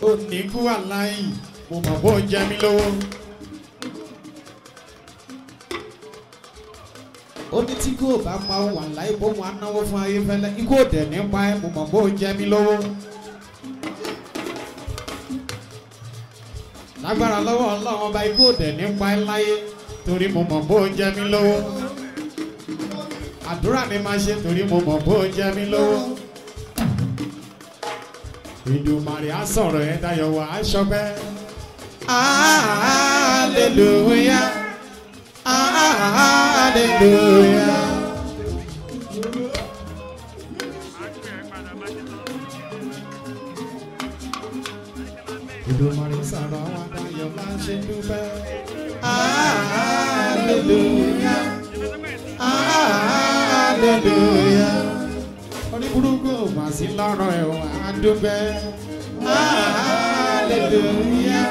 ó ní kú aláì mo mọ̀ bó jẹ mí lówó. ó ní tí kò bá pa òun aláì bó mu anáwó fún Ayéfẹ́lẹ́ ikú òdẹ̀ ní pa mo mọ̀ bó jẹ mí lówó. lágbára lọ́wọ́ ọlọ́run ọba ikú òdẹ̀ ní pa ẹ́ láyé torí mo mọ̀ bó jẹ mí lówó. àdúrà ni màá ṣe torí mo mọ̀ bó jẹ mí lówó. Ìdùmarè á sọ̀rọ̀ yẹn dayọ̀ wá aṣọ́gbẹ́. hallelujah hallelujah. Ìdùmarè sọ̀rọ̀ wá dayọ̀ wá ṣe dúpẹ́. hallelujah hallelujah burúkú mà sí lọ́rùn ẹ̀ wọ́n á dúpẹ́. hallelujah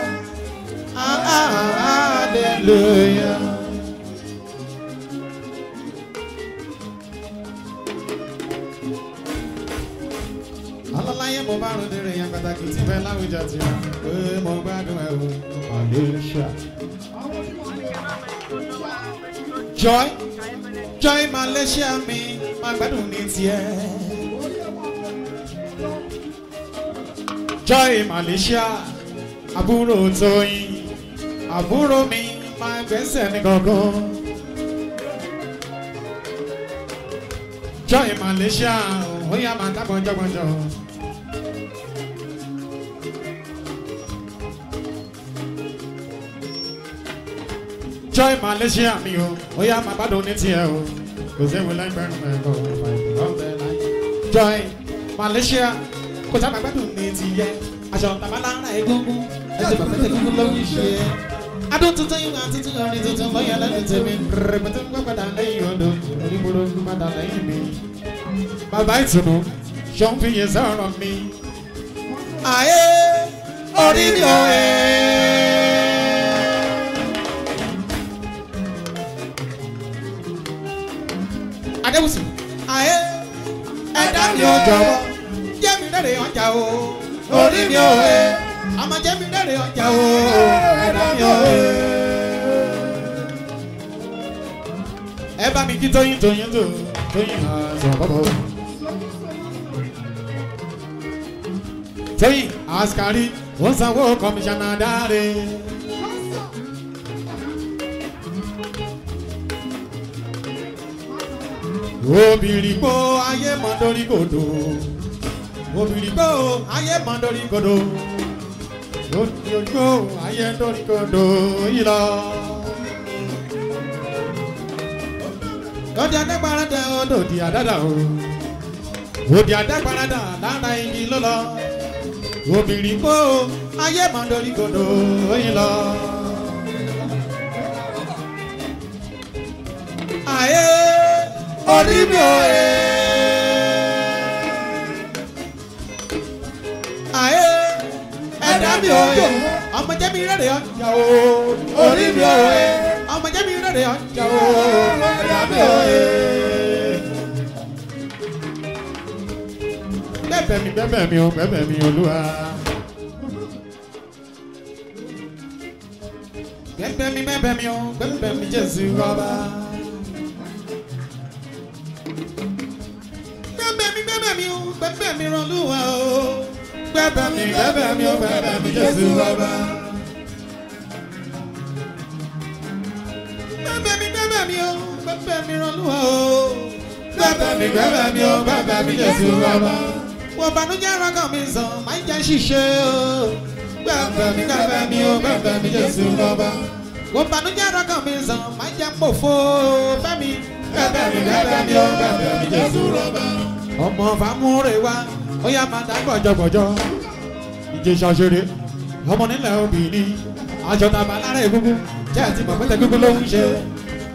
hallelujah. alọ́láyé mo bá ròde rè yan pàtàkì tí bẹ́ẹ̀ láwùjọ ti rà pé mo gbádùn ẹ̀ hallelujah. joy joy malaysia mi máa gbádùn ní tiẹ̀. Joy Malaysia àbúrò Tóyìn àbúrò mi máa gbẹ́sẹ̀ ní gangan. Joy Malaysia ó yá máa dábọ̀ jọgbọ́njọ. Joy Malaysia mi o ó máa bá dùn ní tiẹ̀ o kò sí ìwé lẹ́gbẹ̀rún ẹ̀kọ́ ìfàyè lọ́bẹ̀ẹ́ láyé. Joy Malaysia kò sábà gbádùn ní tìyẹ aṣọ bàbá lára egúngún ẹsẹ̀ bàbá tẹ̀gúngún ló ń adó tuntun yìí máa tuntun orin tuntun lọ́yà lẹ́nu tèmi rẹpẹtẹ ń gbàgbàdà lẹ́yìn odò onígbòrò ń gbàdà lẹ́yìn mi. bàbá ìtùnú ṣọ́ fi yẹn sọ̀rọ̀ mi. àyè orí mi ò ẹ́. adébùsùn àyè ẹ̀dá mi ò jọ̀wọ́ ọjà o orí mi ò he àmọ̀jẹ́ mi bẹ̀rẹ̀ ọjà o ẹ̀dá mi ò he. ẹ bá mi kí tóyún tóyún tó tóyún àzọ̀bọ̀bọ̀. tóyìn àṣkàrí ó ń sanwó kọmíṣánná dáre. obìnrin kó ayé mọ́ lórí kòdò obìnrin o ayé máa ń dorí kodò lórí ojú o ayé ń dorí kodò yìí lọ. lọ́dí adágbáradà odò di àdádà o òdì adágbáradà lára igi ló lọ obìnrin o ayé máa ń dorí kodò yìí lọ. ayé orí mi ò yẹ. mi ò yẹ ọmọ jẹ́ mi rẹ̀ rẹ̀ ọjà o orí mi ò yẹ ọmọ jẹ́ mi rẹ̀ ọjà o ọjà mi ò yẹ. bẹ́ẹ̀ mi bẹ́ẹ̀ mi o bẹ́ẹ̀ mi olúwa. bẹ́ẹ̀ mi bẹ́ẹ̀ mi o bẹ́ẹ̀ mi Jésù rọ́bà. bẹ́ẹ̀ mi bẹ́ẹ̀ mi o bẹ́ẹ̀ mi rọ́lúwa o gbẹ̀bẹ̀ mi gbẹ̀bẹ̀ mi ò bẹ̀bẹ̀ mi Jésù bàbá. gbẹ̀bẹ̀ mi gbẹ̀bẹ̀ mi ò gbẹ̀bẹ̀ mi rànlúwà o. gbẹ̀bẹ̀ mi gbẹ̀bẹ̀ mi ò gbẹ̀bẹ̀ mi Jésù bàbá. wọ́n bànújẹ́ arákàn mi sàn máa ń jẹ́ ṣíṣe o. gbẹ̀bẹ̀ mi gbẹ̀bẹ̀ mi ò gbẹ̀bẹ̀ mi Jésù bàbá. wọ́n bànújẹ́ arákàn mi sàn máa ń jẹ́ pòfo fẹ́mi. gbẹ̀bẹ̀ mi gbẹ̀bẹ̀ mi ò gbẹ̀bẹ̀ mi Jésù bàbá. ọmọ fàmúrè wa ó yá máa ta gbọ̀jọ̀gbọ̀jọ̀ ìjẹsà ṣeré ọmọ nílẹ̀ obìnrin aṣọ tàbá lára egungun jẹ́ àti mọ̀pẹ́tẹ̀ gúngún ló ń ṣe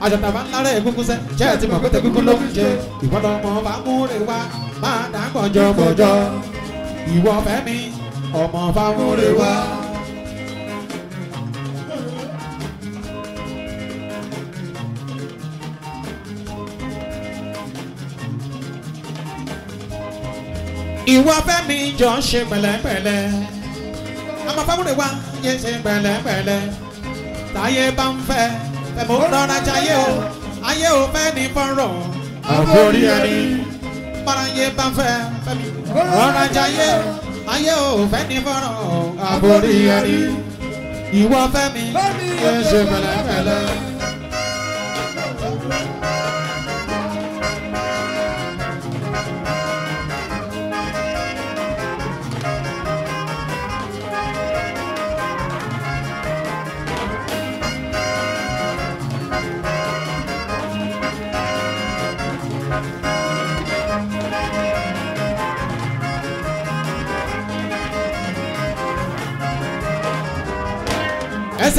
aṣọ tàbá lára egungun sẹ́ jẹ́ àti mọ̀pẹ́tẹ̀ gúngún ló ń ṣe ìwọ́dọ̀ ọmọ bá mú rè wá máa ta gbọ̀jọ̀gbọ̀jọ̀ ìwọ fẹ́ mi ọmọ bá mú rè wá. ìwọ Fẹ́mi jọ ṣe pẹ̀lẹ́pẹ̀lẹ́ ọmọ fábúrò wa yẹ ṣe pẹ̀lẹ́pẹ̀lẹ́ táyé bá ń fẹ́ fẹmọ rọra jayé o ayé o fẹ́ ní fọ́nrọ̀ àforí ẹni báráyé bá ń fẹ́ fẹmi rọra jayé ayé o fẹ́ ní fọ́nrọ̀ àforí ẹni ìwọ Fẹ́mi yẹ ṣe pẹ̀lẹ́pẹ̀lẹ́.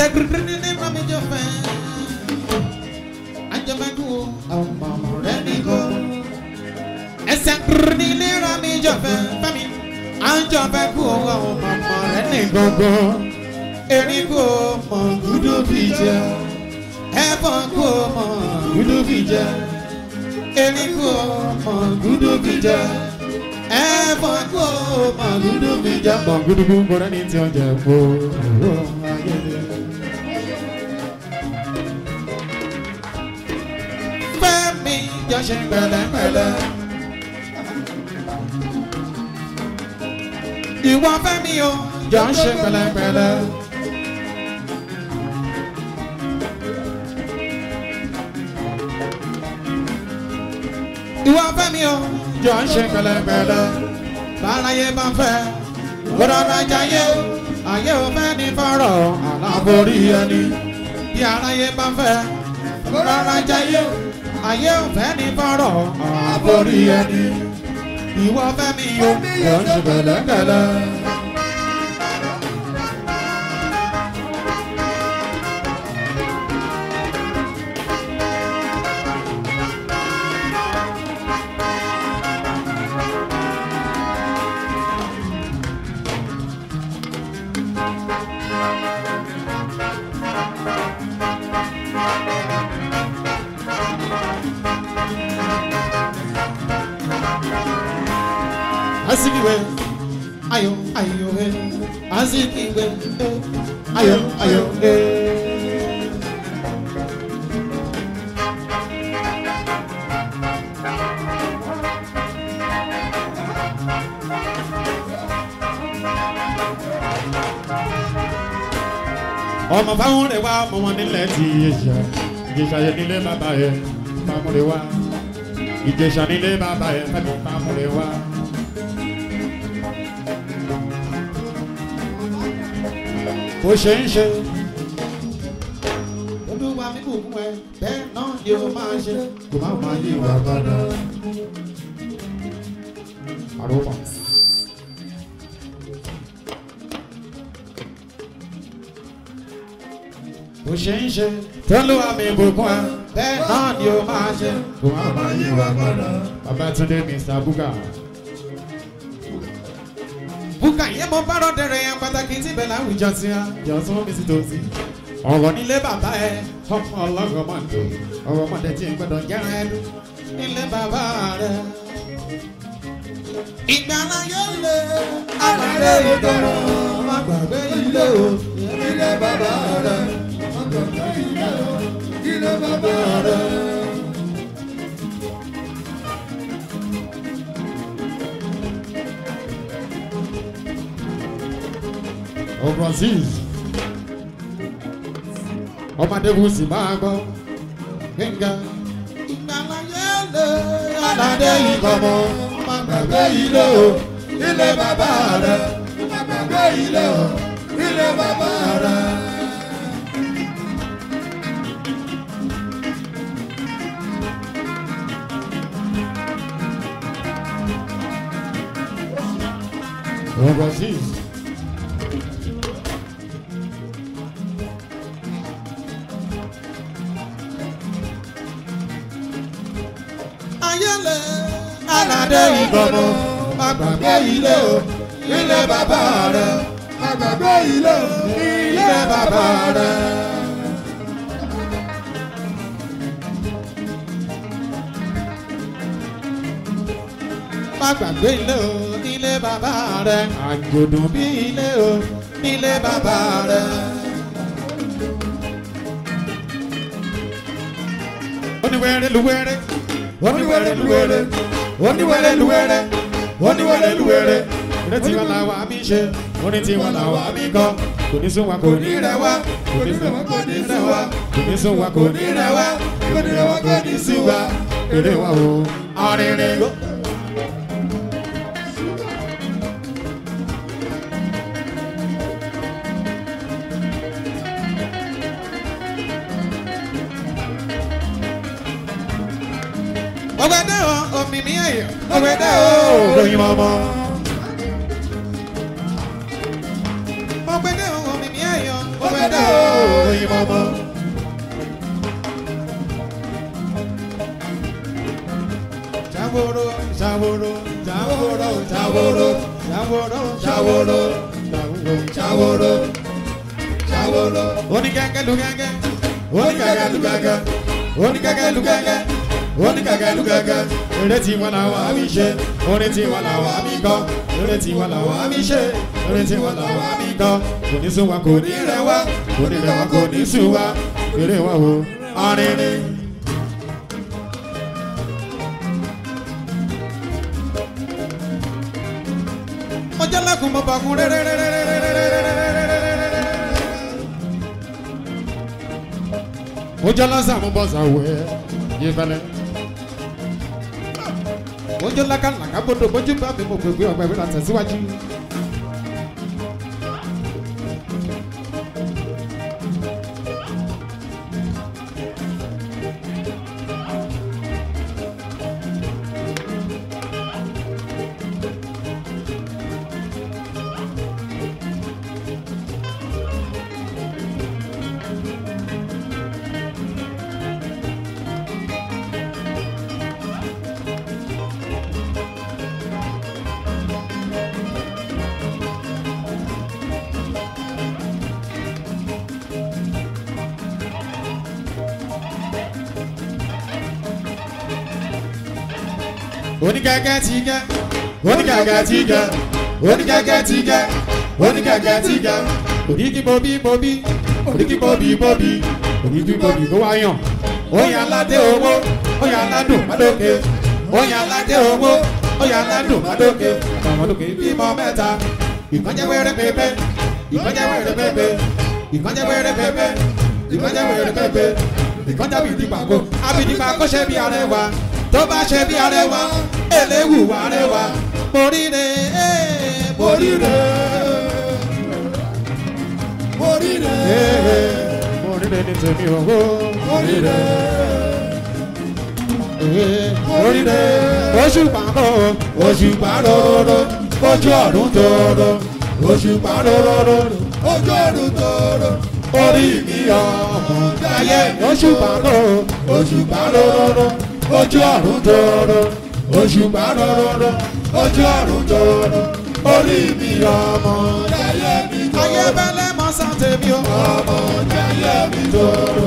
segre ne mame jofen anjamanu aw mamre ni go segre ni ne mame jofen fami anjamanu aw mamre ni gogo erigo mo gudu bija ẹbọ kó mo gudu bija erigo mo gudu bija ẹbọ kó mo gudu bija mo gudu gbogbo rẹ ni ti jẹ́ ṣe pẹ̀lẹ́pẹ̀lẹ́. ìwọ Fẹ́mi o jọ ń ṣe pẹ̀lẹ́pẹ̀lẹ́. ìwọ Fẹ́mi o jọ ń ṣe pẹ̀lẹ́pẹ̀lẹ́. báráyé bá fẹ́ gbọ́dọ̀ bá jayé ayé ò fẹ́ ní fọ́rọ̀ àlàforí ẹni bí aráyé bá fẹ́ gbọ́dọ̀ bá jayé ayé òfẹ́ ní fọ́rọ̀ àforí ẹni ìwọ fẹ́ mi yóò yọ̀ọ́ ṣùgbọ́n lẹ́kẹ̀lẹ́. azikiwe ayo ayo he azikiwe ayo ayo he. ọmọ fáwọn rẹ wá mọ wọn nílẹ̀ tí ìjẹsà ìjẹsà yẹn nílé bàbá yẹn fáwọn rẹ wá ìjẹsà nílé bàbá yẹn fáwọn rẹ wá. bó ṣe ń ṣe. olúwa mi kò mú ẹ bẹ́ẹ̀ náà ni o máa ṣe kò má máa yí ìwà padà. àrùbọ̀. bó ṣe ń ṣe tọ́lúwa mi bùkún ẹ bẹ́ẹ̀ náà ni o máa ṣe kò má máa yí ìwà padà. Babátúndé Mr. Buga. mo bọ́rọ̀ dẹ̀rẹ̀ yẹn pàtàkì tí bẹ̀ láwùjọ sí a jọ sún mi sí ọ̀rọ̀ nílé bàbá ẹ ọmọ ọlọ́rọ̀ máa ń dùn ọ̀rọ̀ mọ̀tẹ́ tí ẹ gbọ́dọ̀ yára ẹ dùn nílé bàbá rẹ. ìgbàlá yóò lé aláré ìgbọ̀rọ̀ má gbàgbé ilé o ilé bàbá rẹ má gbàgbé ilé o ilé bàbá rẹ. ọmọ aziz ọmọ adébùsì máa gbọ́ gbẹ̀ngà. yele lè aládé ìkọ̀mọ́ má gbàgbé ilé o ilé bàbá rẹ má gbàgbé ilé o ilé bàbá rẹ. Overseas. ayẹlẹ. aládé ìgbọ̀nmọ̀ má gbàgbé ilé o ilé bàbá rẹ má gbàgbé ilé o ilé bàbá rẹ. má ilé o ilé bàbá rẹ àjòdùn bí ilé o ilé bàbá rẹ. oníwèrè lùwèrè wani wele luwele wani wele luwele wani wele luwele orin tiwa làwa mi ṣe orin tiwa làwa mi kọ kò ní sún wa kò ní rẹ wa kò ní sún wa kò ní sún wa kò ní sún wa kò ní rẹ wa kò ní rẹ wa kò ní sún wa èrè wa o ọ̀rìnrìn. mi ẹ̀yà ọ̀gbẹ́dẹ́ òògùn ìmọ̀ ọmọ. ọ̀gbẹ́dẹ́ òògùn mi ẹ̀yà ọ̀gbẹ́dẹ́ òògùn ìmọ̀ ọmọ. Jaworo, jaworo, jaworo, jaworo, jaworo, jaworo, jaworo, jaworo. Onígẹ́gẹ́ lugẹ́gẹ́, onígẹ́gẹ́ lugẹ́gẹ́, onígẹ́gẹ́ lugẹ́gẹ́ oní gaga gàgà eré tiwa làwa mi ṣe orin tiwa làwa mi gbọ́ eré tiwa làwa mi ṣe orin tiwa làwa mi gbọ́ kò ní sún wa kò ní rẹ̀ wá kò ní rẹ̀ wá kò ní sún wa eré wa wo ọrin ni. ọjọ́ lẹ́kùn mọ́ bàkún rẹ́rẹ́rẹ́rẹ́rẹ́rẹ́rẹ́rẹ́rẹ́rẹ́rẹ́. ó jẹ́ lásán mú bọ́sà wẹ̀ yé fẹ́lẹ́ bójó lákàlàkà bódò bójú bá mi mo gbègbè ọgbà ìwé la onígàgà tí ga onígàgà tí ga onígàgà tí ga onígi bọ́bí bọ́bí onígi bọ́bí bọ́bí onígi bọ́bí kó wá yàn. oyin aládé owó oyin aládùn mádókè oyin aládé owó oyin aládùn mádókè ọmọdókè bímọ mẹ́ta ìkànjẹ́wẹ́rẹ́ pẹpẹ ìkànjẹ́wẹ́rẹ́ pẹpẹ ìkànjẹ́wẹ́rẹ́ pẹpẹ ìkànjẹ́wẹ́rẹ́ pẹpẹ ìkànjẹ́bìdìpàkó àbìdìpàkó ṣe bí arẹwà tó bá ṣe bí arẹwà eléwù arẹwà. Moriré, moriré, moriré, moriré ní tèmi òwò. Moriré, moriré, oṣù pàrọ̀, oṣù pàrọ̀, ojú ọ̀run tọrọ, oṣù pàrọ̀, ojú ọ̀run tọrọ orí mi ọmọ dáyé òṣùpá lóró òṣùpá lóró ojú ọ̀run tóró òṣùpá lóró ojú ọ̀run jọ̀rọ̀ orí mi ọmọ jẹ́yẹ mi jọ̀rọ̀ ayé bẹ́lẹ́ mọ́ o ọmọ jẹ́yẹ mi jọ̀rọ̀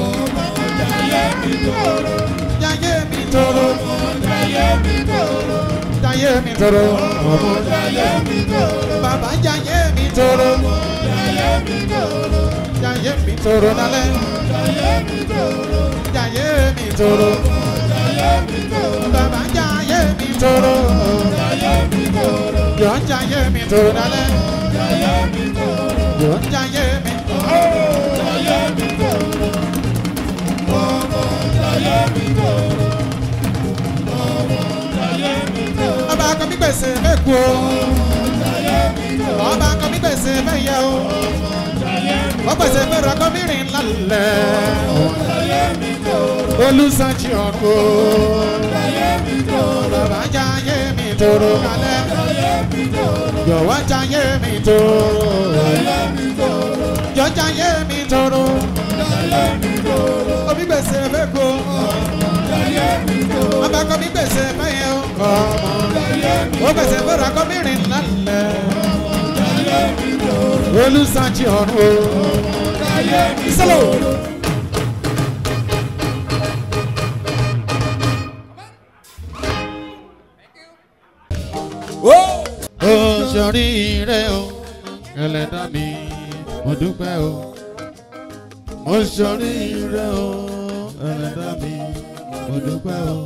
ọmọ jẹ́yẹ mi jọ̀rọ̀ jẹ́yẹ mi jọ̀rọ̀ ọmọ jẹ́yẹ mi jọ̀rọ̀ jẹ́yẹ mi jọ̀rọ̀ ọmọ jẹ́yẹ mi jọ̀rọ̀ bàbá jẹ́yẹ mi jọ̀rọ̀ ọmọ jẹ́yẹ mi jọ̀rọ̀ jẹ́yẹ mi jọ̀rọ̀ nálẹ́ jẹ́yẹ mi jọ̀rọ̀ jẹ́yẹ mi jọ̀rọ̀ jẹ́yẹ mi jọ̀rọ̀ tóró. Yóò ń jayé mi tóró lálẹ́. Yóò ń jayé mi tóró. Ọba akọ mi gbèsè mẹ́kù o. Ọba akọ mi gbèsè mẹ́yẹ o. Ó gbèsè fẹ́ràn akọ mi rìn lálẹ́ olùsànjì ọ̀rọ̀ ọ̀rọ̀ mi tòrò bá jáyé mi tòrò kalẹ̀ yọ̀wá jáyé mi tòrò yọ jáyé mi tòrò omi gbèsè fẹ́ kó ọba kọ́ mi gbèsè fẹ́yẹ ọkọ̀ ó gbèsè fẹ́ra kọ́ mi rìn lálẹ́ olùsànjì ọ̀rọ̀ ọ̀rọ̀ mi tòrò. torí rẹ o ẹlẹ́dá mi mo dúpẹ́ o mo sọrí rẹ o ẹlẹ́dá mi mo dúpẹ́ o.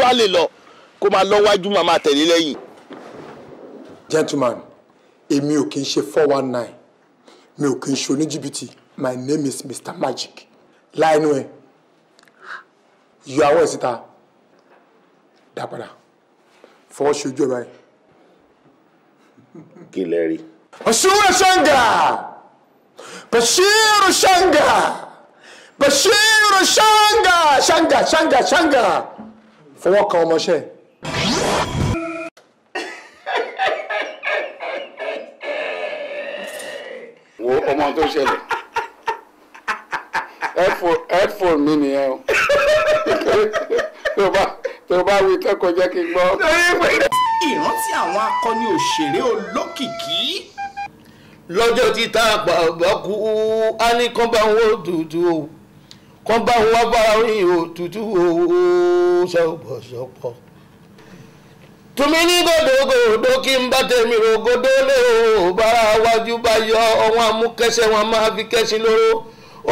ju àlè lọ kó máa lọ wájú máa máa tẹ̀lé lẹ́yìn. gentleman èmi ò kì í ṣe four one nine mi ò kì í ṣe oníjìbìtì my name is mr magic láìnú ẹ yọ àwọn ìsìta dá padà fọwọ́ ṣe ojú ẹ báyìí. kí lẹ rí. ọ̀ṣunwó ṣàǹgà bashir ṣàǹgà bashir ṣàǹgà ṣàǹgà ṣàǹgà ṣàǹgà fọwọ́ kan ọmọṣẹ́. wo ọmọ tó ṣẹlẹ̀ headphone mi nìyẹn o tó bá tó bá wí kẹ́kọ̀ọ́ jẹ́ kí n gbọ́. ìrántí àwọn akọni òṣèré olókìkí. lọ́jọ́ tí tá a gbàgbọ́ kú á ní kán bá wọn dùdú o. kọ́ bá wọn wá bára rí òtútù owó sọ́pọ̀sọ́pọ̀. tùmí ní gòdògòdò kí n bá tèmi rògòdò lè o bára wájú bá yọ ọwọ́n amúkẹ́sẹ̀ wọn máa fi kẹ́sìn lóró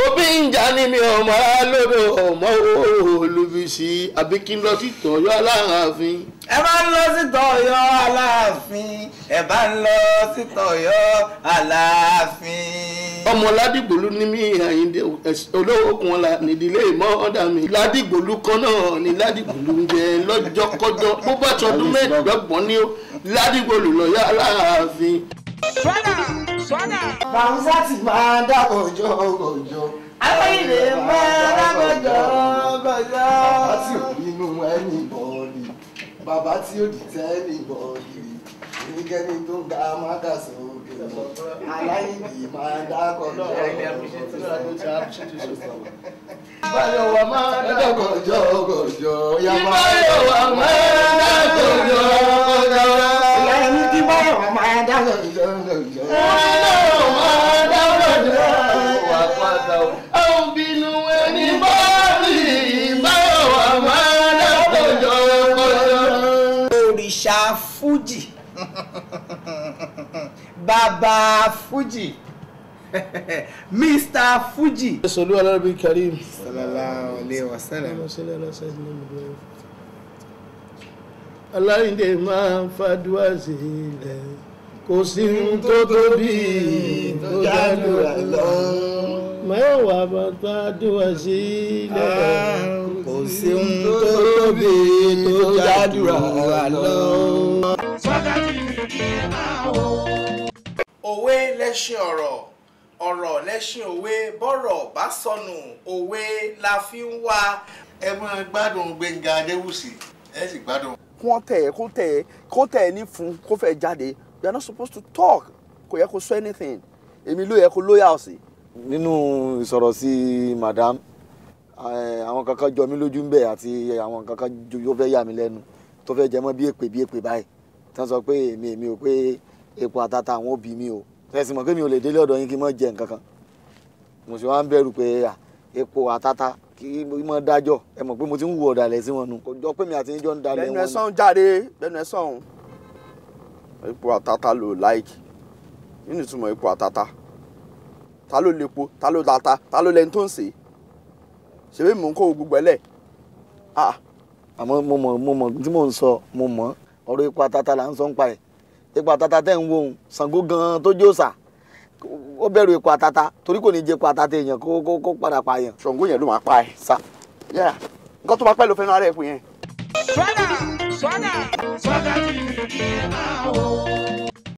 òbí ń jà ní mi ọmọ aráàlódò ọmọ olùfisí àbí kí n lọ sí tọ́jú aláàfin. ẹ bá ń lọ sítọ̀ ọ̀yọ́ aláàfin ẹ bá ń lọ sítọ̀ ọ̀yọ́ aláàfin. ọmọ ládìgbòlú ní mí àyíndé olówó kan la nídìílé mọ́ọ́dà mi ládìgbòlú kan náà ni ládìgbòlú ń jẹ lọ́jọ́kọ́jọ́ bó bá tọdún mẹ́ẹ̀ẹ́dọ́gbọ̀n ni ó ládìgbòlú lọ́yọ́ aláàfin. sọ́dà sọ́dà. bàmúsà ti máa dákọ̀jọ́ òjò àwọn ilé máa dákọ̀jọ́ òjò. àti òbí inú ẹni bọ̀ọ̀rọ̀ bàbá tí ó dìtẹ́ nìbọn kiri ẹnikẹ́ni tó ń ga mákàsí òkè lọ aláìní máa dákọ̀ jọ ìbáyọ̀ wà máa dákọ̀ jọ gòjò ya máa ìbáyọ̀ wà máa dákọ̀ jọ gòjò ìyá ẹni tí báyọ̀ wà máa dákọ̀ jọ gòjò. Baba fuji mr fuji. sọlú alábi karim. sallallahu alaihi wasallam. aláìndé máa ń fàdúrà sí ilẹ̀ kò sí ohun tó tóbi tó jádùrà lọ. mẹ́wàá bàbá dùwà sí ilẹ̀ kò sí ohun tó tóbi tó jádùrà lọ. sọ́kàtì mi kì í máa wò òwe lẹṣin ọ̀rọ̀ ọ̀rọ̀ lẹṣin òwe bọ́rọ̀ bá sọnù òwe la fi ń wá. ẹ máa gbádùn Gbẹ́ngà Adéwùsì ẹ sì gbádùn. wọ́n tẹ̀ kó tẹ̀ kó tẹ̀ ní fún kó fẹ́ jáde you are not supposed to talk kò yẹ kó sọ anything èmi ló yẹ kó lóyà ọ̀sìn. nínú ìsọ̀rọ̀ sí madam àwọn kankan jọ mí lójú ń bẹ àti àwọn kankan tó fẹ́ yà mí lẹ́nu tó fẹ́ jẹ mọ́ bí èpè bí èpè báyìí tí sọ pé èmi èmi ò pé epo àtàtà àwọn òbí mi o ẹ̀sìn mọ̀ pé mi ò lè délé ọ̀dọ̀ yín kí n jẹ nǹkan kan mo sì wá ń bẹ̀rù pé epo àtàtà kí mọ̀ dájọ́ ẹ mọ̀ pé mo ti ń wu ọ̀dàlẹ̀ sí wọn nu kò pé mi àti níjọ́ ń dalẹ̀ wọn. bẹnu ẹsán jáde bẹnu ẹsán epo àtàtà ló láìkì nínú ìtumọ̀ epo àtàtà ta ló lepo ta ló lata ta ló lẹni tó ń sè é ṣèbí mò ń kó gbogbo ẹ lẹ̀ àmọ́ mo mọ̀ mo mọ̀ tí mò ń sọ mo mọ̀ ọ̀rọ̀ epo àtàtà là ń sọ ń pa ẹ̀ ipò àtàtà tẹ̀ ń wo òun Ṣàngó gan-an tó jó sà ó bẹ̀rù ipò àtàtà torí kò ní jẹ́ ipò àtàtà èèyàn kó kó kó padà pa èèyàn. Ṣàngó yẹn ló máa pa ẹ sà nǹkan tó máa pẹ́ ló fẹ́ràn ara ẹ̀ pò yẹn. swaga swaga swaga ti fi di máa wò.